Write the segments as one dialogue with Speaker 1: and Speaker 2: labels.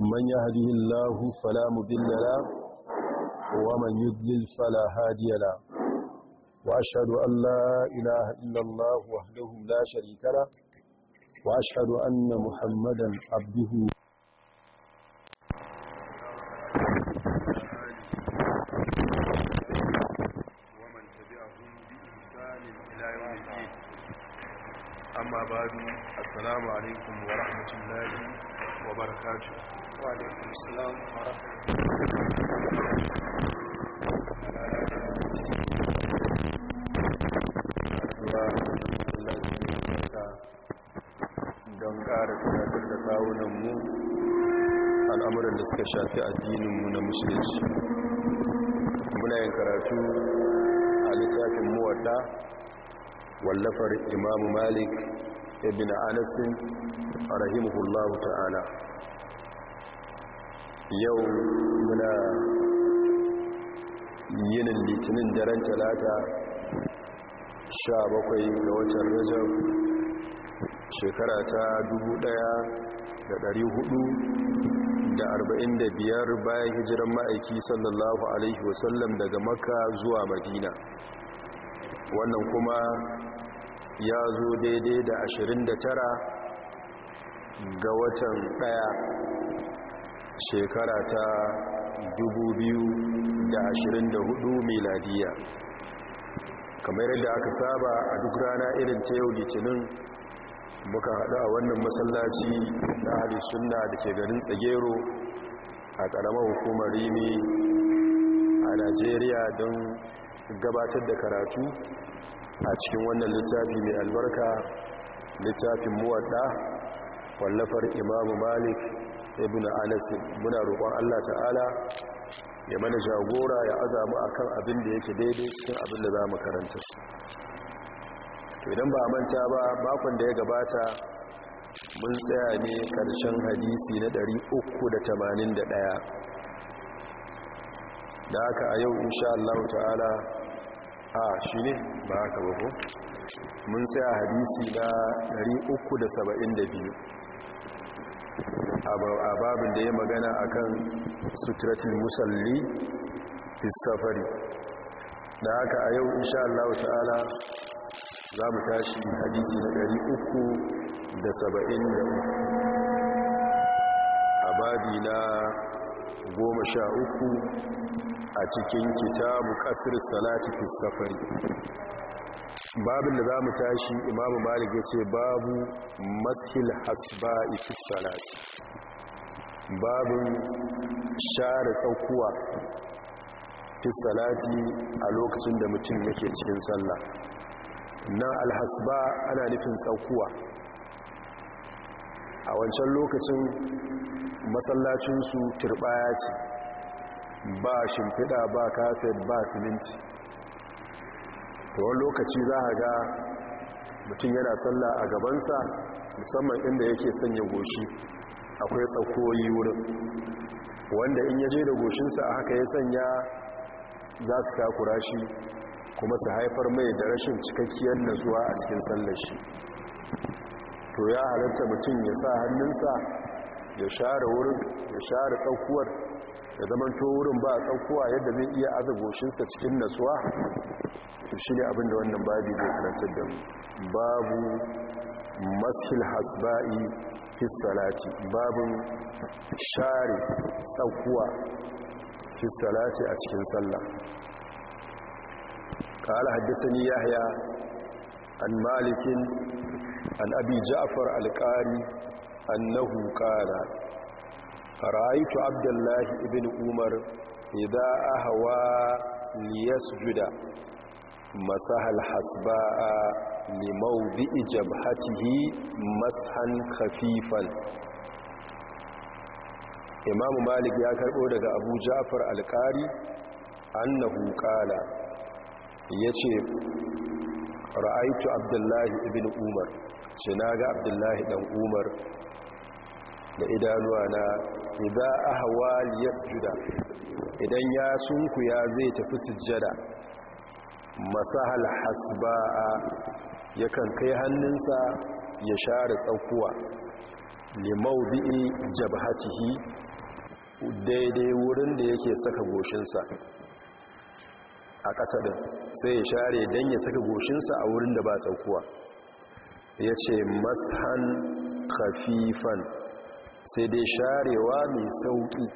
Speaker 1: من يهده الله فلا مضل له ومن يضلل فلا هادي له وأشهد أن لا إله إلا الله وحده لا شريك له وأشهد أن محمدا عبده عليكم السلام ورحمة الله don ƙara tunatar da al'amuran da suka shafi addininmu na musulunci muna yin karatu a littafin muwadda wallafar imamu malik ibn anasin rahimahullahu ta'ala yau muna yinin litinin daren talata sha bakwai ga watan rajab shekara ta dubu ɗaya da dari hudu da arba'in da biyar bayan hijiran ma'aiki sallallahu alaihi wasallam daga makka zuwa madina wannan kuma ya zo daidai da ashirin da tara ga watan ɗaya shekara ta 2024 meladiya kamar yadda aka saba a duk rana irin ta yau litinin muka haɗu a wannan masallaci na hadis sunna da ke garin tsagero a ƙaramar hukumar rimi a najeriya don gabatar da karatu a cikin wannan littafi mai albarka littafin muwadda wallafar imamu malik ibn anas muna roƙon Allah ta'ala ya mana jagora ya azamu akan abin da yake daidai cikin abin da za mu karanta to idan ba manta ba bakon da ya gabata mun tsaya ne karshen hadisi na 381 da haka a yau insha Allah ta'ala a shi ne ba haka ba ko mun tsaya hadisi na 372 a babin da ya magana akan suturatul musalli fi safari da haka a yau insha Allah ta'ala za mu tashi hadisi na 373 a babi na uku, a cikin kitabu kasir salati fi safari babin da za mu tashi imamu malik ya ce babu mashil hasba'i fi salati babin share tsaukuwa fi salati a lokacin da mutum yake cikin sallah nan alhasba ana nufin tsaukuwa a wancan lokacin masallacinsu turbaya ce ba shimfiɗa ba kafet ba siminti to wani lokaci za a ga mutum yana sallah a gabansa musamman inda yake sanya goshi akwai tsakoyi wurin wanda in yaje da goshinsa a haka ya sanya za su takura shi kuma su haifar mai da rashin cikakkiyar natsuwa a cikin sallar shi to ya halatta mutum ya sa hannunsa ya share wurin ya share ya zamanto wurin ba a tsakuwa yadda zai iya aza goshinsa cikin natsuwa su shi ne abinda wannan babi zai karantar da babu maskil hasba'i fissalati babin share tsakuwa fissalati a cikin sallah Ka haddasani yahya an malikin an abi ja'far alƙari annahu ƙala ra'aytu abdullahi ibn umar hawa ahwa liyasjuda masahal hasba'a limaudi'i jabhatihi mashan khafifan imam malik ya karbo daga abu ja'far alqari annahu qala yace ra'aitu abdullahi ibn umar ce abdullahi dan umar da idanuwa na idza ahwa liyasjuda idan ya sunku ya zai tafi sujjada masahal hasba'a yakan kai hannunsa ya share tsakuwa limaudi'i jabhatihi daidai wurin da yake saka goshinsa a ƙasa din sai ya share don ya saka goshinsa a wurin da ba tsakuwa ya ce mashan kafifan sai dai sharewa mai sauƙi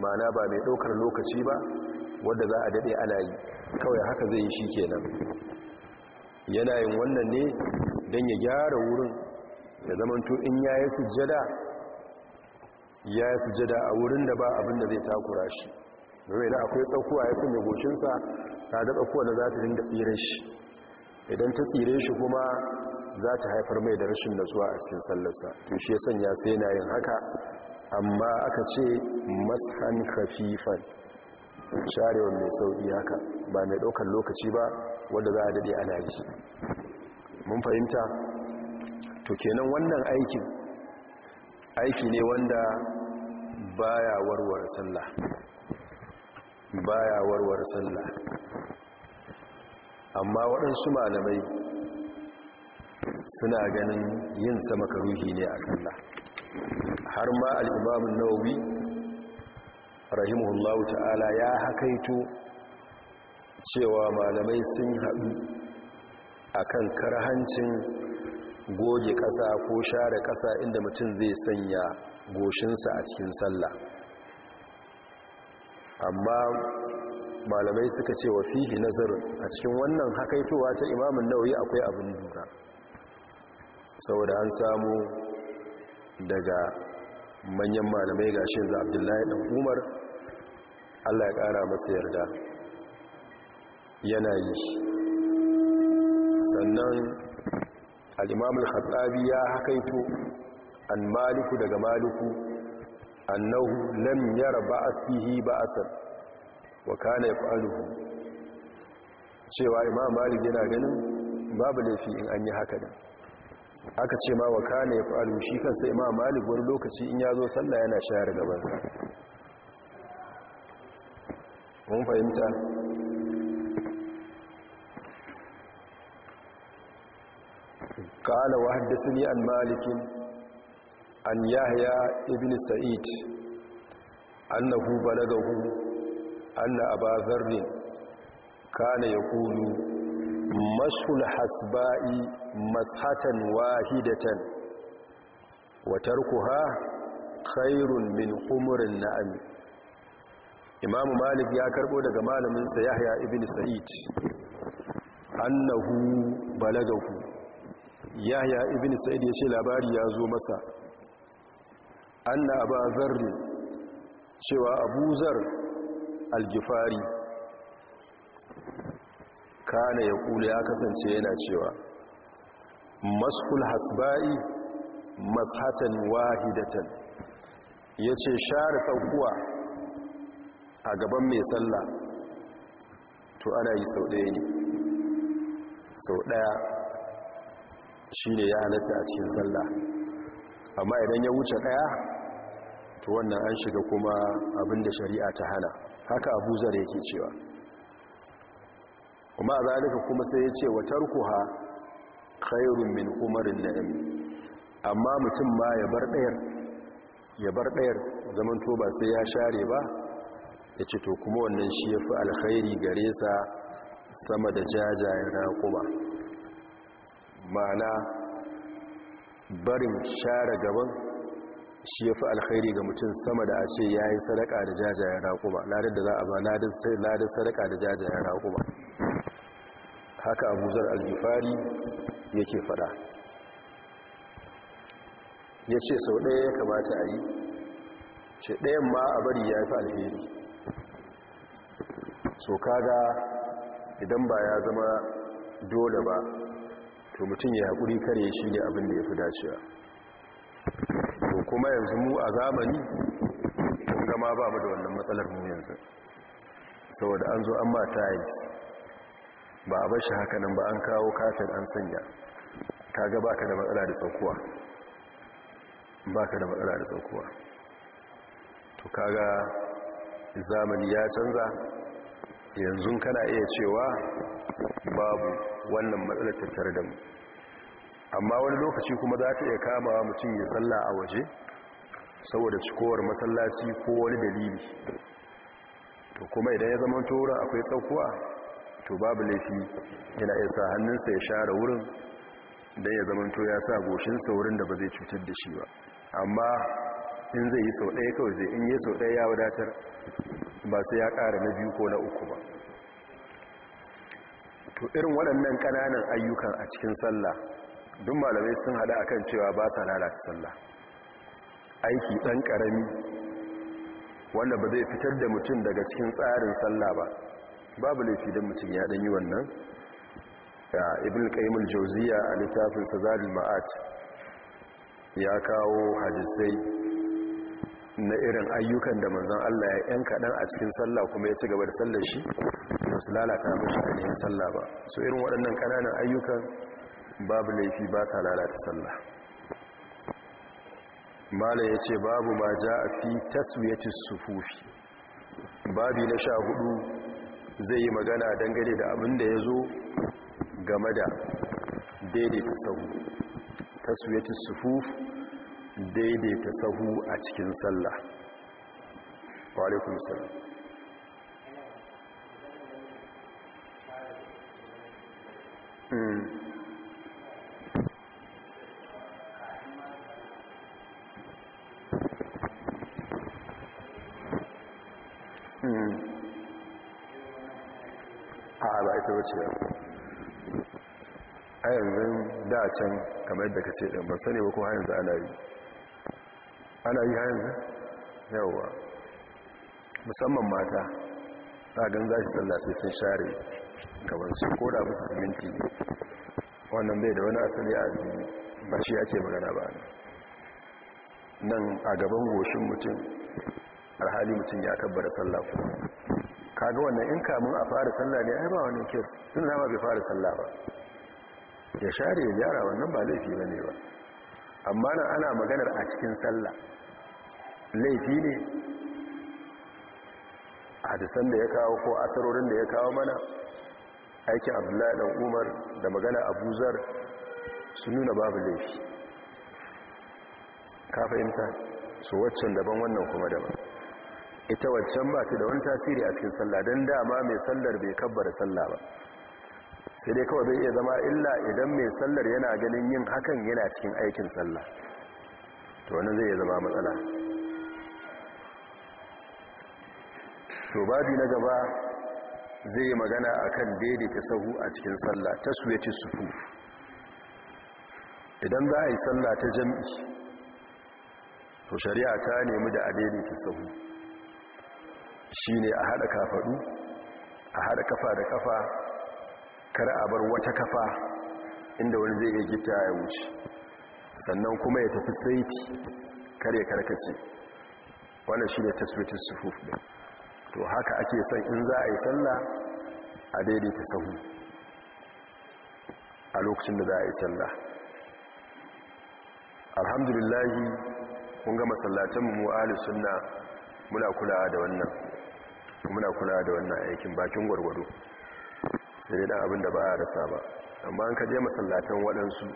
Speaker 1: mana ba mai ɗaukar lokaci ba wadda za a daɗe ana yi kawai haka zai yi shi kenan yana yin wannan ne don ya gyara wurin ya zamanto in ya yi sujada ya yi sujada a wurin da ba abin da zai takura shi domin da akwai tsakuwa ya sanya goshinsa ta da tsakkuwa da za ta dinga tsire shi idan ta tsire shi kuma za ta haifar mai da rashin natsuwa a cikin sallarsa to shi ya sanya sai yana yin haka amma aka ce mashan khafifan sharewa mai sauƙi haka ba mai ɗaukar lokaci ba wadda za a daɗe ana yi mun fahimta to kenan wannan aikin aiki ne wanda baya warware sallah baya warware sallah amma waɗansu malamai suna ganin yin sama karuhi ne a sallah har ma al'imamun nawawi rahimahullahu ta'ala ya hakaito cewa malamai sun haɗu a kan karhancin goge ƙasa ko share ƙasa inda mutum zai sanya goshinsa a cikin sallah amma malamai suka ce wa fihi nazar a cikin wannan hakaitowa ta imamun nauyi akwai abin duka saboda an samu daga manyan malamai gashin da abdullahi ɗan umar Allah ya ƙara masa yarda yana yi sannan al'imamul haɗabi ya haƙaito an maliku daga maliku annahu lam yara ba'as fihi ba'asan wa kana yaf'aluhu cewa imam malik yana ganin babu laifi in an yi haka da aka ce ma wa kana yaf'aluhu shi kansa imam malik wani lokaci in ya zo sallah yana shayar gabansa mun fahimta kala wa haddasini an maliki an yahya ibn sa'id annahu balagahu anna aba zarrin kana yaqulu mashul hasba'i mashatan wahidatan wa tarkuha khairun min khumurin na'am imamu malik ya karbo daga malaminsa yahya ibn sa'id annahu balagahu yahya ibn sa'id ya ce labari ya zo masa anna aba zarr cewa abu zar algifari kana ya kula ya kasance yana cewa maskul hasba'i mashatan wahidatan yace ce share tsakuwa a gaban mai sallah to ana yi sau ɗaya ne sau ɗaya shi ne ya halatta a cikin sallah amma idan ya wuce ɗaya to wannan an shiga kuma abinda shari'a ta hana haka abu zar yake cewa kuma a zalika kuma sai ya ce wa ha khairun min umarin na'im amma mutum ma ya bar ɗayar ya bar ɗayar zaman to ba sai ya share ba ya ce to kuma wannan shi ya fi alkhairi gare sa sama da jajayen raƙuba. ma'ana barin share gaban shi ya fi alkhairi ga mutum sama da a ce ya yi sadaka da jajayen raƙuba. ladin da za a ba ladin sadaka da jajayen raƙuma haka abuzar aljifari yake fada ya ce sau ɗaya ya kamata a yi ce ɗayan ma a bari ya fi alheri to kaga idan ba ya zama dole ba to mutum ya haƙuri kare shi ne abin da ya fi dacewa to kuma yanzu mu a zamani kun gama ba mu da wannan matsalar mu yanzu saboda an zo an ma tiles ba a bar shi haka ba an kawo katin an sanya kaga baka da matsala da saukuwa baka da matsala da saukowa to kaga zamani ya canza yanzu kana iya cewa babu wannan matsalar tattare da mu amma wani lokaci kuma za ta iya kama mutum ya salla a waje saboda cikowar masallaci ko wani dalili to kuma idan ya zama tura akwai saukuwa to babu laifi yana iya sa hannunsa ya share wurin don ya zama to ya sa goshinsa wurin da ba zai cutar da shi ba amma in zai yi sau ɗaya kawai zai in yi sau ɗaya ya wadatar ba sai ya ƙara na biyu ko na uku ba to irin waɗannan ƙananan ayyukan a cikin sallah duk malamai sun haɗa kan cewa ba sa lalata sallah aiki ɗan ƙarami wanda ba zai fitar da mutum daga cikin tsarin sallah ba babu laifi don mutum ya yi wannan ya ibn qayyimul jauziya a littafin sazadul ma'at ya kawo hadisai na irin ayyukan da manzon Allah ya yan kaɗan a cikin sallah kuma ya ci gaba da sallar shi ba su lalata mashi ainihin sallah ba so irin waɗannan ƙananan ayyukan babu laifi ba sa lalata sallah mala ya ce babu ma ja a fi taswiyatis sufufi babi na sha hudu zai yi magana dangane da abin da ya zo game da daidaita sahu taswiyatis sufuf daidaita sahu a cikin sallah hmm. Hmm. a yanzu da can kamar yadda ka ce ɗin ba sani ba ko hanyar da ana yi ana yi yanzu yawa musamman mata a gan za su sallah sai sun share su ko da musu siminti ne wannan bai da wani asali a addini ba shi ake magana ba nan a gaban goshin mutum alhali mutum ya kabbara sallah ko kaga wannan in kamun a fara sallah ne ai ba wani kes tun da bai fara sallah ba ya share ya gyara wannan ba laifi bane ba amma nan ana maganar a cikin sallah laifi ne hadisan da ya kawo ko asarorin da ya kawo mana aikin abdullahi dan umar da magana abuzar sun nuna babu laifi ka fahimta su waccan daban wannan kuma daban ita waccan ba ta da wani tasiri a cikin sallah don dama mai sallar bai kabbar sallah ba sai dai kawai bai iya zama illa idan mai sallar yana ganin yin hakan yana cikin aikin sallah to wannan zai zama matsala so babi na gaba zai yi magana akan daidaita sahu a cikin sallah taswiyati sufu idan za a yi sallah ta jam'i to shari'a ta nemi da a daidaita sahu shine a hada kafaɗu a hada kafa da kafa kar a bar wata kafa inda wani zai iya gita ya wuce sannan kuma ya tafi saiti kar ya karkace wannan shine taswiyatus sufuf din to haka ake son in za a yi sallah a daidaita sahu a lokacin da za a yi sallah alhamdulillahi kun ga mu mu'ali sunna muna kulawa da wannan muna kulawa da wannan aikin bakin gwargwado sai dai dan abin da ba a rasa ba amma an je masallatan waɗansu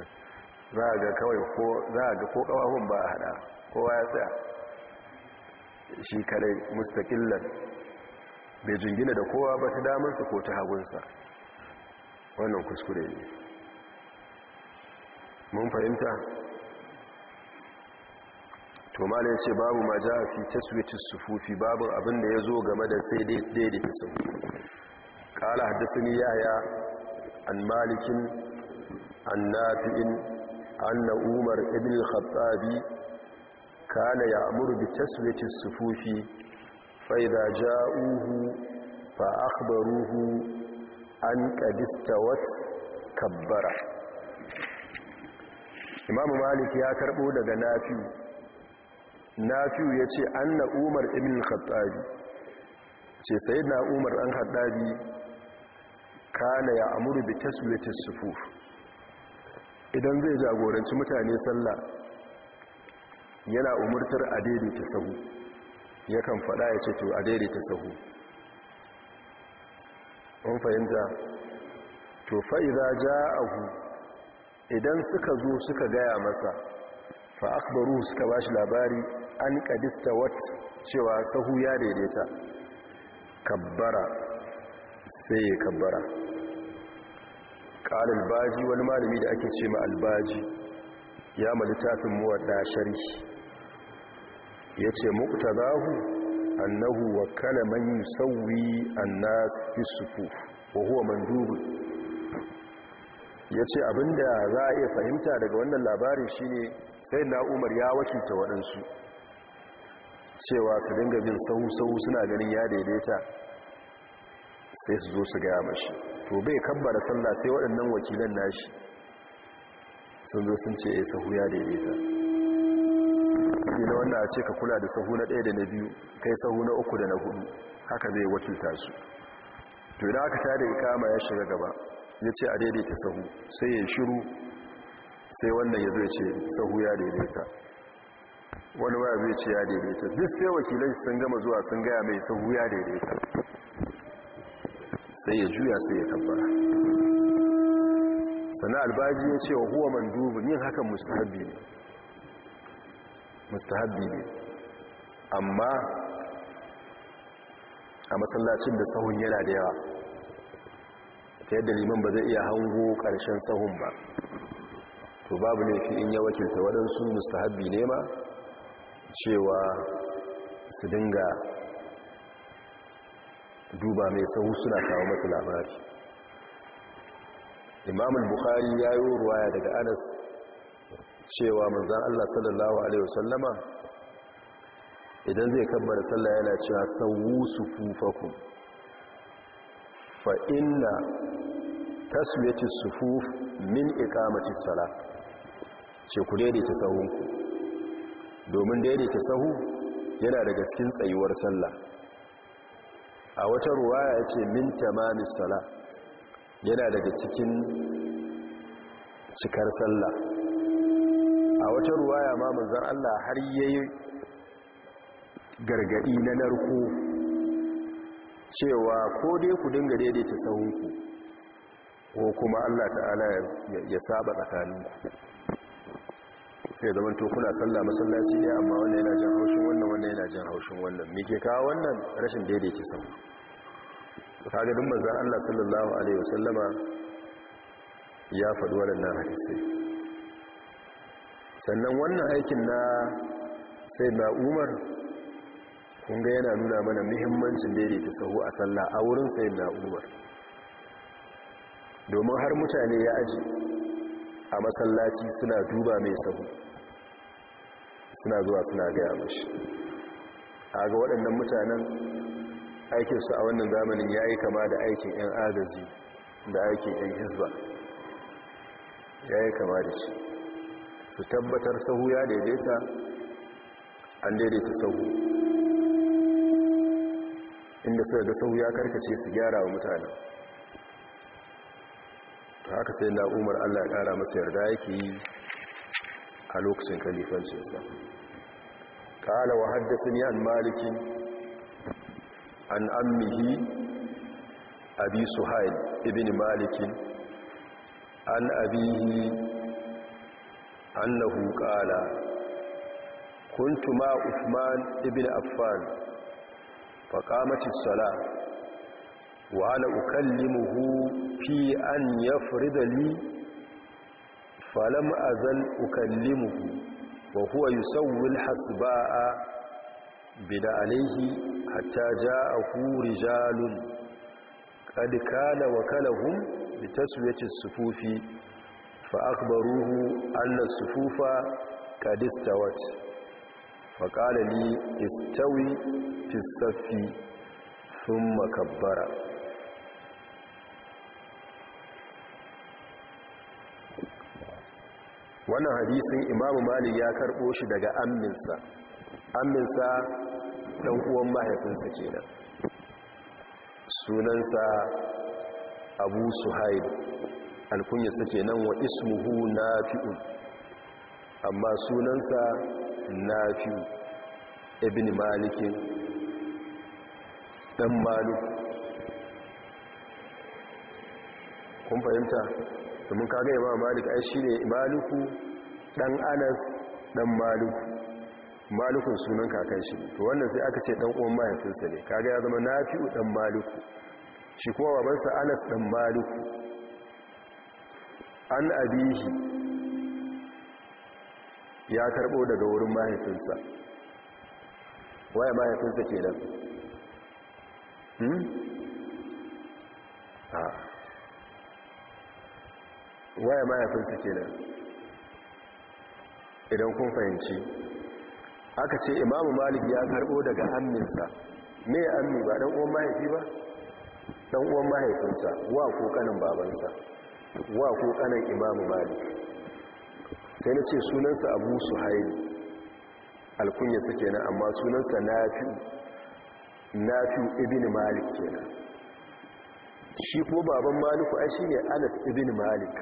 Speaker 1: za a ga kawai ko za a ga ko kawahun ba a haɗa kowa ya tsaya shi kare mustaƙillan bai jingina da kowa ba ta damansa ko ta hagunsa wannan kuskure ne mun fahimta Tomale ya ce babu ma ja fi taswitin sufufi babu abin da ya zo game da sai daidaita sau ƙala haddasa ni yaya an malikin an nafi'in an na umar ibn khattabi kana ya amuru bi taswiyati sufufi fa idza ja'uhu fa akhbaruhu an qad istawat kabbara imam malik ya karɓo daga nafi'u nafi'u yace anna umar ibn khattabi ce sayyidina umar an haɗari. kana ya amuru bi taswiyati sufuf idan zai jagoranci mutane sallah yana umurtar a daidaita sahu yakan faɗa ya ce to a daidaita sahu an fahimta to fa'iza ja ahu idan suka zo suka gaya masa fa suka ba shi labari an kadista wat cewa sahu ya daidaita kabbara sai ya kabbara ƙalil baji wani malami da ake ce ma albaji ya malitafin muwadda sharhi ya ce zahu? annahu wakala man yusawwi annas fi sufuf wa huwa mandub ya ce abinda za a iya fahimta daga wannan labarin shine sai na umar ya wakita waɗansu cewa su dinga bin sahu-sahu suna ganin ya daidaita sai su zo su gaya mashi to bai kabbara sallah sai waɗannan wakilan nashi sun zo sun ce ya eh, sahu ya daidaita na wannan a ce ka kula da sahu na ɗaya da na biyu kai sahu na uku da na hudu haka zai wakilta su to idan aka da kama ya shiga gaba ya ce a daidaita sahu sai ya shiru sai wannan ya zo ya ce sahu ya daidaita wani waya zai ce ya daidaita duk sai wakilai sun gama zuwa sun gaya mai sahu ya daidaita sai ya juya sai ya tabbara sana albaji ya ce wa huwa mandubin yin hakan mustahabi ne mustahabbi ne amma a masallacin da sahun yana da yawa ta yadda liman ba zai iya hango ƙarshen sahun ba to babu laifi in ya wakilta waɗansu mustahabbi ne ma cewa su dinga duba mai sahu suna kawo masu labari imamul bukhari ya yi ruwaya daga anas cewa manzan Allah sallallahu Alaihi wasallama idan zai kabbara sallah yana cewa sau su fufakun fa'inna taswiyati sufuf min ikamacin sala ce ku daidaita sahunku domin daidaita sahu yana daga cikin tsayuwar sallah a wata ruwa ya ce min tamamin sala yana daga cikin cikar sallah a wata ruwaya ma manzan Allah har yayi gargadi na narko cewa ko dai ku dinga daidaita sahunku ko kuma Allah ta'ala ya saba tsakaninku sai zaman to kuna sallah masallaci ne amma wannan yana jan haushin wannan wannan yana jan haushin wannan me ke kawo wannan rashin daidaita sahu kaga duk manzan Allah sallallahu alaihi wasallama ya faɗi wannan hadisi sannan wannan aikin na sai na umar kunga yana nuna mana muhimmancin daidaita sahu a sallah a wurin sai na umar domin har mutane ya aji a masallaci suna duba mai sahu suna zuwa suna gaya mashi a ga waɗannan mutanen aikinsu a wannan zamanin ya yi kama da aikin 'yan agaji da aikin 'yan hisba ya yi kama da shi su tabbatar sahu ya daidaita an daidaita sahu inda suka ga sahu ya karkace su gyara wa mutane ta haka sai na umar allah ya kara masa yarda yake yi a lokacin kalifancinsa ƙala wa haddasa ni an maliki an ammihi abi suhail ibn maliki an abihi annahu qala kuntu ma usman ibn affan fa qamati as-salah wa ana ukallimuhu fi an yafrida li falam azal ukallimuhu wa huwa yusawwi al-hasba'a bida alayhi hatta ja'ahu rijalun qad kana wakalahum bi taswiyati as-sufufi فأخبروه أن الصفوف قد استوت فقال لي استوي في الصف ثم كبر wannan hadisin imamu malik ya karbo shi daga amminsa amminsa ɗan uwan mahaifinsa kenan sunansa abu suhaib alkunyarsa nan wa ismuhu fi'u, amma sunansa na nafi'u ibn malikin dan malu kun fahimta domin kaga imam malik ai ne maluku dan anas dan maluku malukun sunan kakan shi to wannan sai aka ce dan uwan mahaifinsa ne kaga ya zama na nafi'u dan maluku shi kuma babansa anas dan maluku. an abihi ya karbo daga wurin mahaifinsa waye mahaifinsa ke nan hmm? waye mahaifinsa ke nan idan kun fahimci aka ce imamu malik ya karbo daga amminsa me ammi ba dan uwan mahaifi ba dan uwan mahaifinsa wa ko kanin babansa wa ko kanan imamu malik sai na ce sunansa abu haini alkunya suke na amma sunansa nafi fi ibn malik kenan shi ko baban maliku shi ne anas ibini malik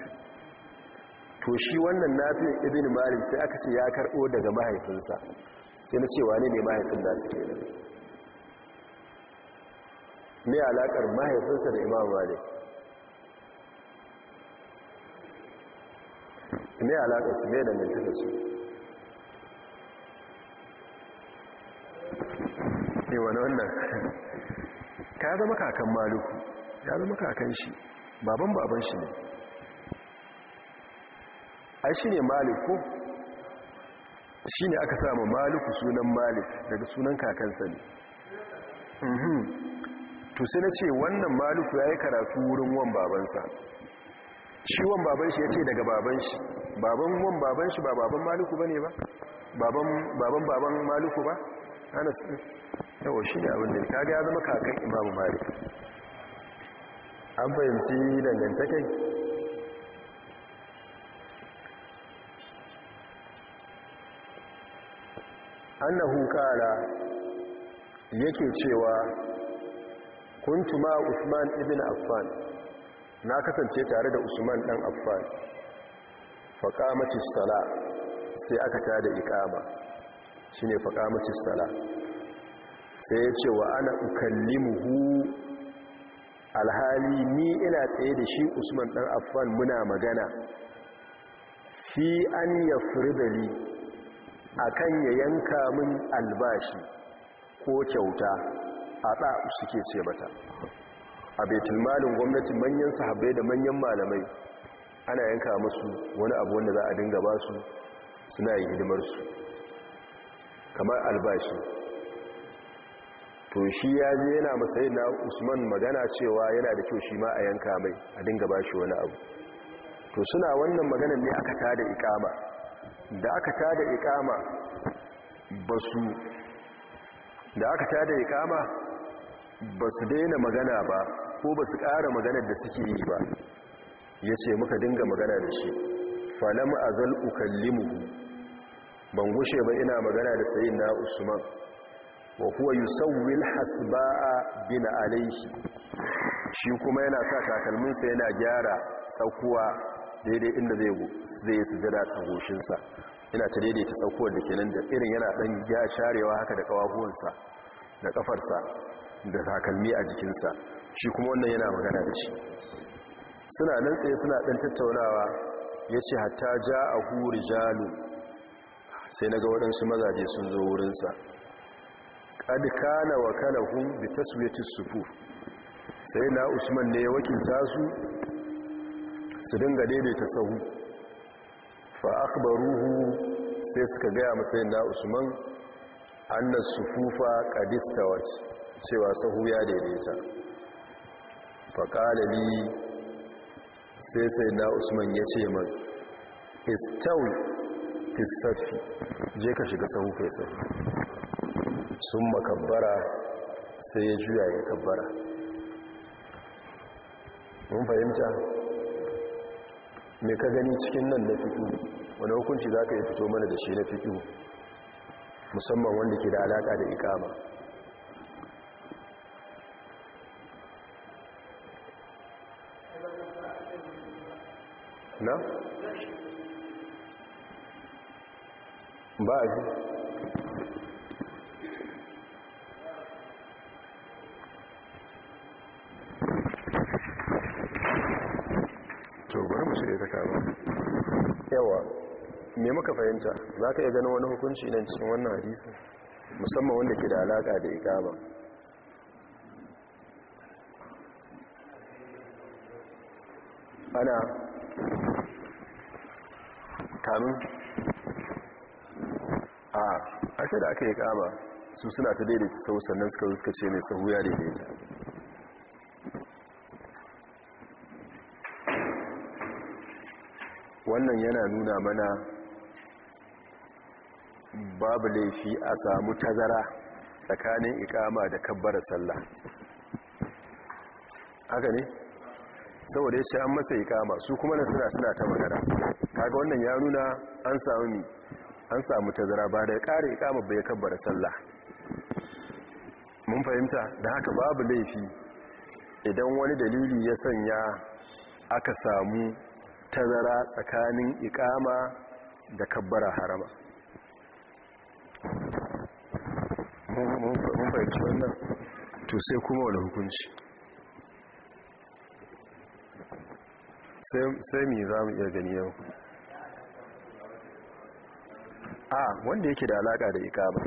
Speaker 1: to shi wannan nafi ibini malik sai aka ce ya karbo daga mahaifinsa sai na ce ne ne mahaifin da su kenan me alakar mahaifinsa da imamu malik su mai alaƙa su mai da mintaka su ne wani wannan ka zama kakan maluku ya zama kakan shi baban baban shi ne ai shi ne maluku shi ne aka samu maluku sunan malik daga sunan kakansa ne mhm. to sai na ce wannan maluku ya yi karatu wurin wan babansa shi wan baban shi ya ce daga baban shi baban wan baban shi ba baban maliku bane ba baban baban baban maliku ba anas din yawa shi ne abin da kaga ya zama kakan imamu malik an fahimci dangantakai annahu kala yake cewa kuntu ma Usman ibn Affan na kasance tare da Usman dan Affan faƙamatis sala sai aka da ikama shi ne sala sai ya ce wa ana muhu alhali ni ina tsaye da shi usman ɗan affan muna magana fi an ya firdali a kan ya yanka min albashi ko kyauta a ɗa suke ce mata a betulmalin gwamnati manyan sahabbai da manyan malamai ana yanka musu wani abu wanda za a dinga ba su suna hidimar hidimarsu kamar albashi to shi ya je yana masayi na usman magana cewa yana da kyau shi ma a yanka mai a dinga ba shi wani abu to suna wannan maganar ne aka tada ikama da aka tada ikama ba su da aka tada ikama ba su daina magana ba ko ba su ƙara maganar da suke yi ba ya ce muka dinga magana da shi falam azal ukallimuhu ban gushe ba ina magana da sayin na usman wa kuwa yusawwil hasba'a bin alayhi shi kuma yana sa takalminsa yana gyara saukuwa daidai inda zai yi sujada a goshinsa yana ta daidaita saukuwar da ke nan da irin yana ɗan ya sharewa haka da ƙawahuwansa da ƙafarsa da takalmi a jikinsa shi kuma wannan yana magana da shi suna nan tsaye suna ɗan tattaunawa ya ce hatta ja a huri jalu sai na ga waɗansu mazaje sun zo wurinsa ƙad kana wa kanahun bi taswiyatis sufu sai na usman ne ya wakilta su su dinga daidaita sahu fa sai suka gaya masa na usman annas sufufa wacce cewa sahu ya daidaita fa sai sai na usman ya ce ma istawi fisafi je ka shiga sahu fesa. sun makabbara sai ya juya ya kabbara mun fahimta mai ka gani cikin nan na fito wani hukunci za ka yi fito mana da shi na fito musamman wanda ke da alaƙa da ikama na? ba a ji to bari mu shirya ta kama yawa me muka fahimta za ka iya ganin wani hukunci nan cikin wannan hadisi musamman wanda ke da alaƙa da ba. ana kamun a ashe da aka yi kama su suna ta daidaita sau sannan suka suka ce mai sahu ya daidaita wannan yana nuna mana babu laifi a samu tazara tsakanin ikama da kabbara sallah haka ne saboda ya ce an masa ikama su kuma na suna suna ta magana kaga wannan ya nuna an samu ni an samu tazara ba da ƙara ikama bai kabbara sallah mun fahimta da haka babu laifi idan wani dalili ya sanya aka samu tazara tsakanin ikama da kabbara harama mun fahimci wannan to sai kuma wani hukunci sai mi za mu iya gani yau a wanda yake da alaka da ikaba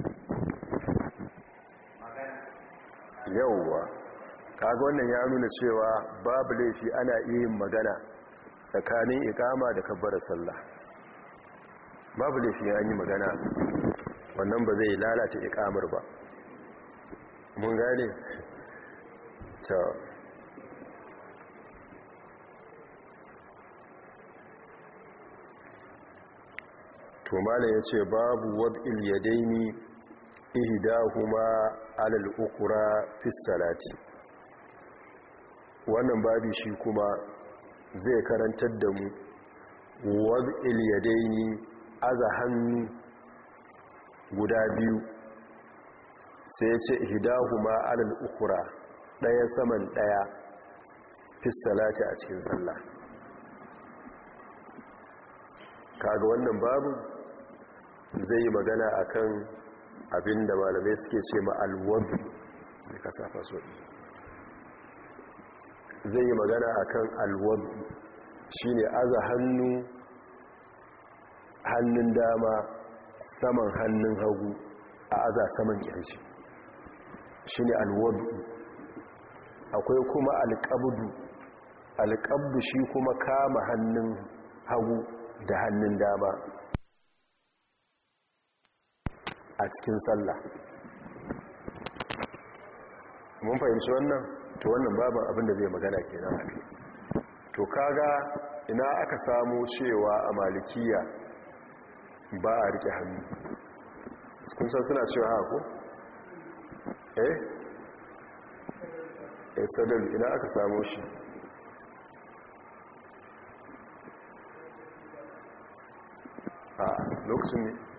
Speaker 1: yauwa kaga wannan ya nuna cewa babu laifi ana iya yin magana tsakanin ikama da kabbara sallah babu laifi ya yi magana wannan ba zai lalata ikamar ba mun gane ta to malam ya ce babu wad'il yadaini kuma alal ukura fisalati wannan babu shi kuma zai karantar da mu wad'il yadaini aza hannu guda biyu sai ya ce kuma alal ukura daya saman daya fisalati a cikin sallah kaga wannan babu zai yi magana a kan abin da malamai suke ce ma alwadu da kasafa so zai yi magana a akan alwadu ne aza hannu hannun dama saman hannun hagu a aza saman shi ne alwadu akwai kuma alƙabdu alƙabdu shi kuma kama hannun hagu da hannun dama a cikin sallah mun fahimci wannan to wannan babu abinda zai magana kenan hafi to kaga ina aka samu cewa a malikiya ba a rike hannu kun san suna cewa haka ko eh eh sadar ina aka samu shi a lokacin ne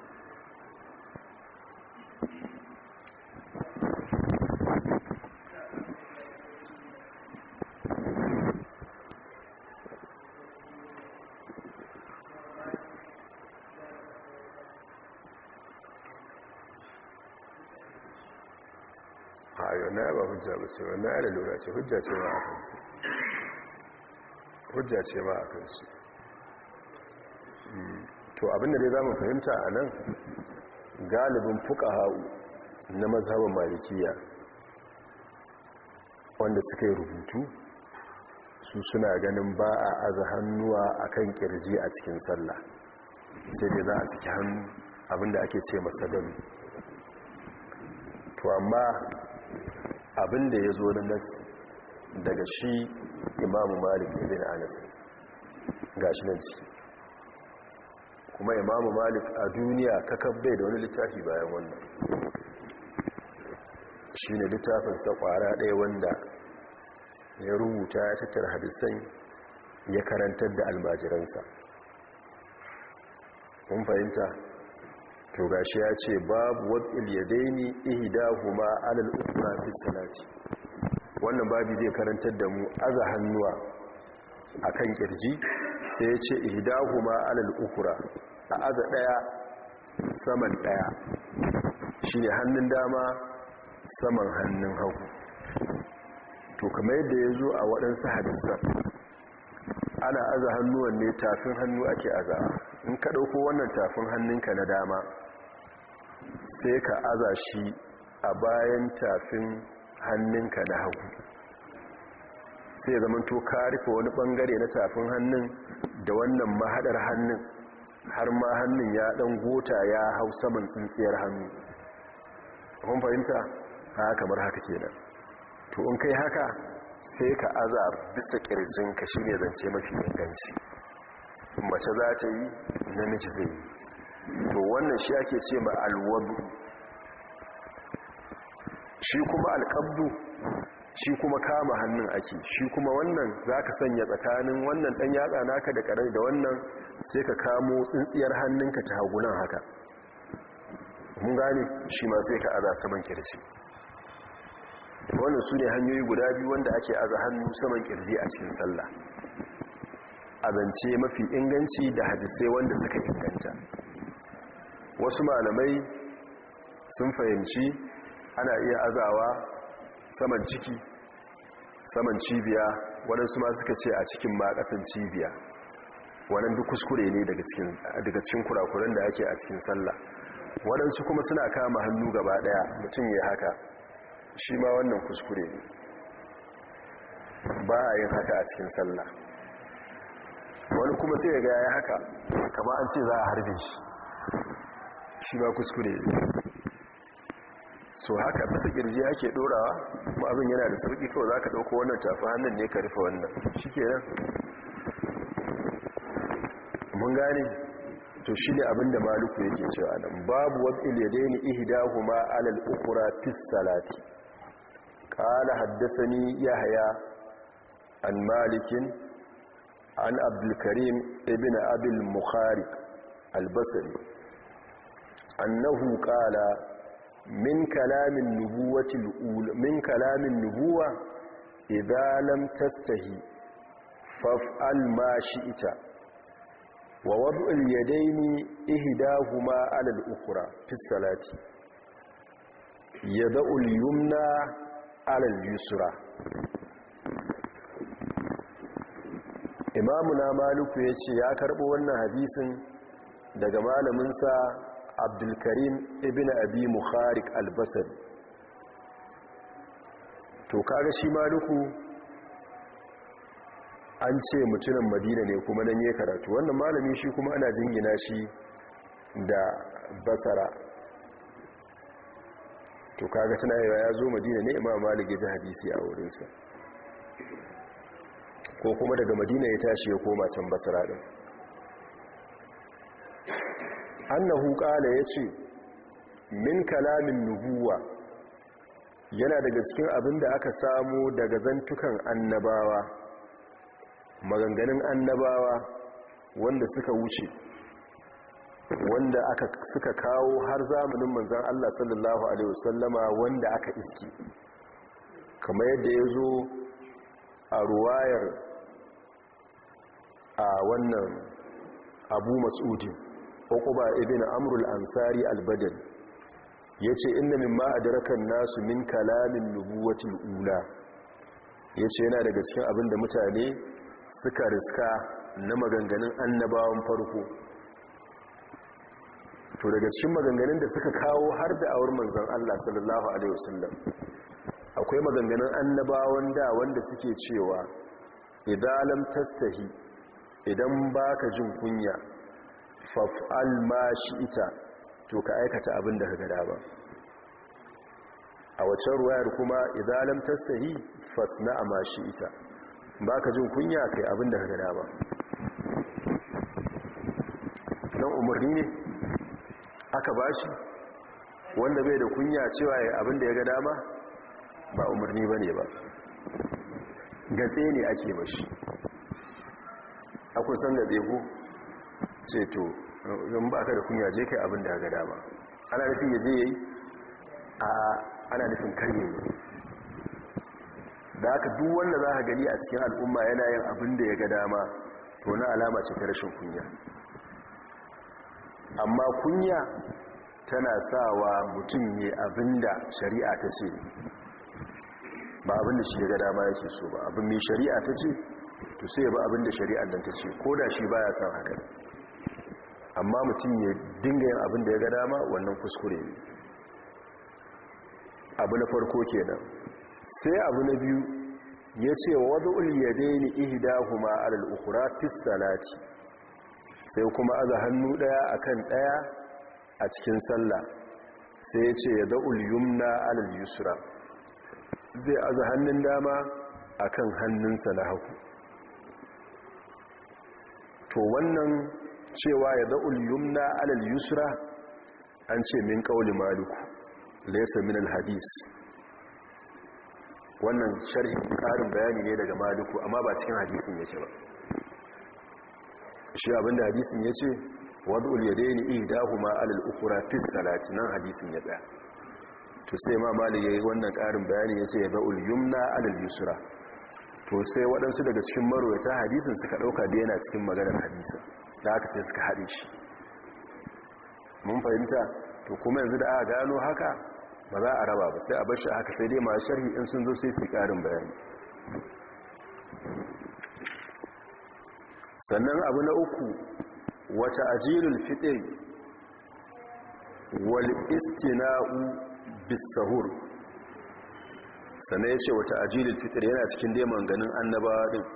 Speaker 1: wannan ba hujja ba ce wannan ala lura ce hujja ce ba a kansu hujja ce ba a kansu hmm, to abinda dai za mu fahimta a nan galibin fuka hau na mazhaban malikiya wanda suka yi rubutu su suna ganin ba a aza hannuwa a kan kirji a cikin sallah sai dai za a saki hannu abinda ake ce masa gami to amma Abin da ya zo na nas daga shi imamu malik ibn anas ga shi nan ciki kuma imamu malik a duniya kabbai da wani littafi bayan wannan shi ne littafin sa kwara ɗaya wanda ya rubuta ya tattara hadisai ya karantar da almajiransa mun fahimta to gashi ya ce babu wadil yadaini kuma alal ukura fi salati wannan babu zai karantar da mu aza hannuwa a kan kirji sai ya ce kuma alal ukura. a aza daya saman daya ne hannun dama saman hannun hagu to kama yadda ya zo a waɗansu hadisa ana aza hannuwan ne tafin hannu ake aza in ka ɗauko wannan tafin hannunka na dama sai ka aza shi a bayan tafin hannunka na hagu sai zama to ka rufe wani bangare na tafin hannun da wannan mahadar hannun har ma hannun ya dan gota ya hau saman tsintsiyar hannu kun fahimta ha kamar haka da. to in kai haka sai ka aza bisa kirjinka ne zance mafi inganci mace za ta yi namiji zai yi to wannan shi ake ce ma alwadu shi kuma alƙabdu shi kuma kama hannun ake shi kuma wannan za ka sanya tsakanin wannan ɗan yatsa naka da ƙarar da wannan sai ka kamo tsintsiyar hannunka ta hagunan haka mun gane shi ma sai ka aza saman kirji wannan su ne hanyoyi guda biyu wanda ake aza hannu saman kirji a cikin sallah abinci mafi inganci da hadisai wanda suka inganta wasu malamai sun fahimci ana iya azawa saman ciki saman cibiya waɗansu ma suka ce a cikin ma ƙasan cibiya duk kuskure ne daga cikin kurakuran da ake a cikin sallah waɗansu kuma suna kama hannu gaba ɗaya mutum ya haka shi ma wannan kuskure ne ba a yin haka a cikin sallah wani kuma sai ya gaya haka kama an ce za a harbe shi shi ba kuskure so haka bisa kirji ake dorawa Kuma abin yana da sauki kawai za ka dauko wannan tafi hannun ne ka rufe wannan shi ke nan mun gane to shi ne abin da maluku yake cewa nan babu da ya daini dahu ma alal ukura fis salati kala haddasani yahya an malikin an abdulkarim ibn abin mukhariq albasari annahu ƙala, min kalamin nubuwati min kalamin nubuwa idza lam tastahi faf'al ma shi'ta wa wad'u al-yadayni ihdahuma 'ala al-ukhra fi salati yad'u al-yumna 'ala al-yusra Imamuna maliku ya ce ya karɓi wannan hadisin daga malaminsa abdulkarim ibn abi mukharik albasari to kaga shi maluku an ce mutumin madina ne kuma nan ya karatu wannan malami shi kuma ana jingina shi da basara to kaga tana yawa ya zo madina ne imam malik ya ji hadisi a wurinsa ko kuma daga madina ya tashi ya koma can basara din? annahu kala yace min kalamin nubuwa yana daga cikin abin da aka samu daga zantukan annabawa maganganun annabawa wanda suka wuce wanda aka suka kawo har zamanin manzan Allah sallallahu alaihi wasallama wanda aka iske kamar yadda ya zo a ruwayar a wannan abu mas'udin uquba ibn amrul ansari al-badr yace inna mimma adrakan nasu min kalamin nubuwati ula yace yana daga cikin abinda mutane suka riska na maganganun annabawan farko to daga cikin maganganun da suka kawo har da awar manzon Allah sallallahu alaihi wasallam akwai maganganun annabawan da wanda suke cewa idan lam tastahi idan baka jin kunya faf'al ma ita, to ka aikata abin da ka gada ba a wacan ruwayar kuma idalam tastahi fasna ma ita, baka jin kunya kai abin da ka gada ba dan umarni ne aka bashi wanda bai da kunya cewa ya abin da ya gada ba ba umarni bane ba gatse ne ake bashi akwai san gatse ce to zan ba ka da kunya je kai abin da ya gada ba ana nufin ya je a ana nufin karye ne da haka duk wanda za ka gani a cikin al'umma yana yin abin da ya ga dama to na alama ce ta rashin kunya amma kunya tana sawa mutum ne abin da shari'a ta ce ba abin da shi ya ga dama yake so ba abin mai shari'a ta ce to sai ba abin da shari'a ta ce ko da shi baya son haka amma mutum ya dinga yin abin da ya ga dama wannan kuskure ne abu na farko kenan sai abu na biyu ya ce wadda ulyade ni ihidahuma alal ukhra fi sai kuma aza hannu daya kan daya a cikin sallah sai ya ce ya ulyumna alal yusra zai aza hannun dama a kan hannunsa na haku. to wannan cewa ya da Ulyumna alal yusra an ce min kauli maluku laysa min al wannan sharhi karin bayani ne daga maluku amma ba cikin hadisin yake ba shi abinda hadisin yace wad'ul yadaini idahuma alal ukhra fi salati nan hadisin ya daya to sai ma malik yayi wannan karin bayani yace ya da Ulyumna alal yusra to sai waɗansu daga cikin ta hadisin suka ɗauka da yana cikin maganar hadisin da haka sai suka haɗe shi mun fahimta to kuma yanzu da aka gano haka ba za a raba ba sai a bar shi haka sai dai masu sharhi in sun zo sai su ƙarin bayani sannan abu na uku wata ajilul fiɗe wal istina'u bisahur sannan ya ce wata ajilul fitar yana cikin dai ganin annabawa ɗin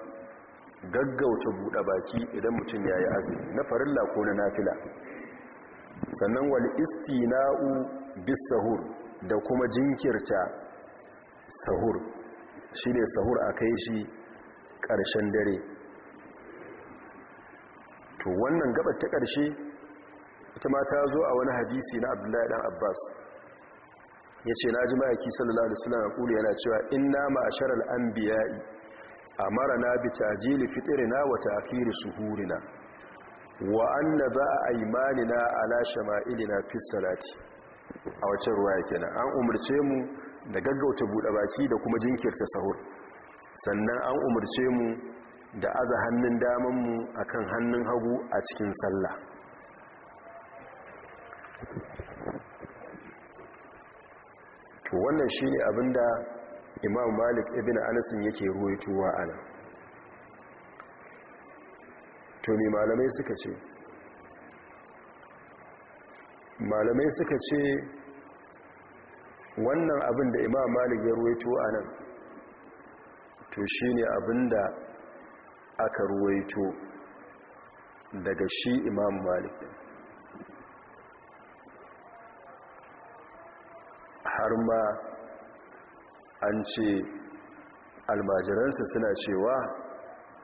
Speaker 1: gaggauta buɗe baki idan mutum ya yi azumi na farilla ko na nafila sannan wal istina'u bis sahur da kuma jinkirta sahur shine sahur a kai shi ƙarshen dare to wannan gabar ta ƙarshe ita ma ta zo a wani hadisi na abdullahi dan abbas ya ce na ji ma'aiki sallallahu alaihi wasallam a yana cewa inna ma'ashar biya'i. na bi tajili fitrina wa ta'khiri suhurina wa anna ba'a aymanina ala na fi salati a wacce ruwaya kenan an umarce mu da gaggauta bude baki da kuma jinkirta sahur sannan an umarce mu da aza hannun daman mu akan hannun hagu a cikin sallah to wannan shine abinda imam malik ibn anasin yake ruwaitowa ana to me malamai suka ce malamai suka ce wannan abin da imam malik ya ruwaito anan to shine abin da aka ruwaito daga shi imam malik har ma an ce almajiransa suna cewa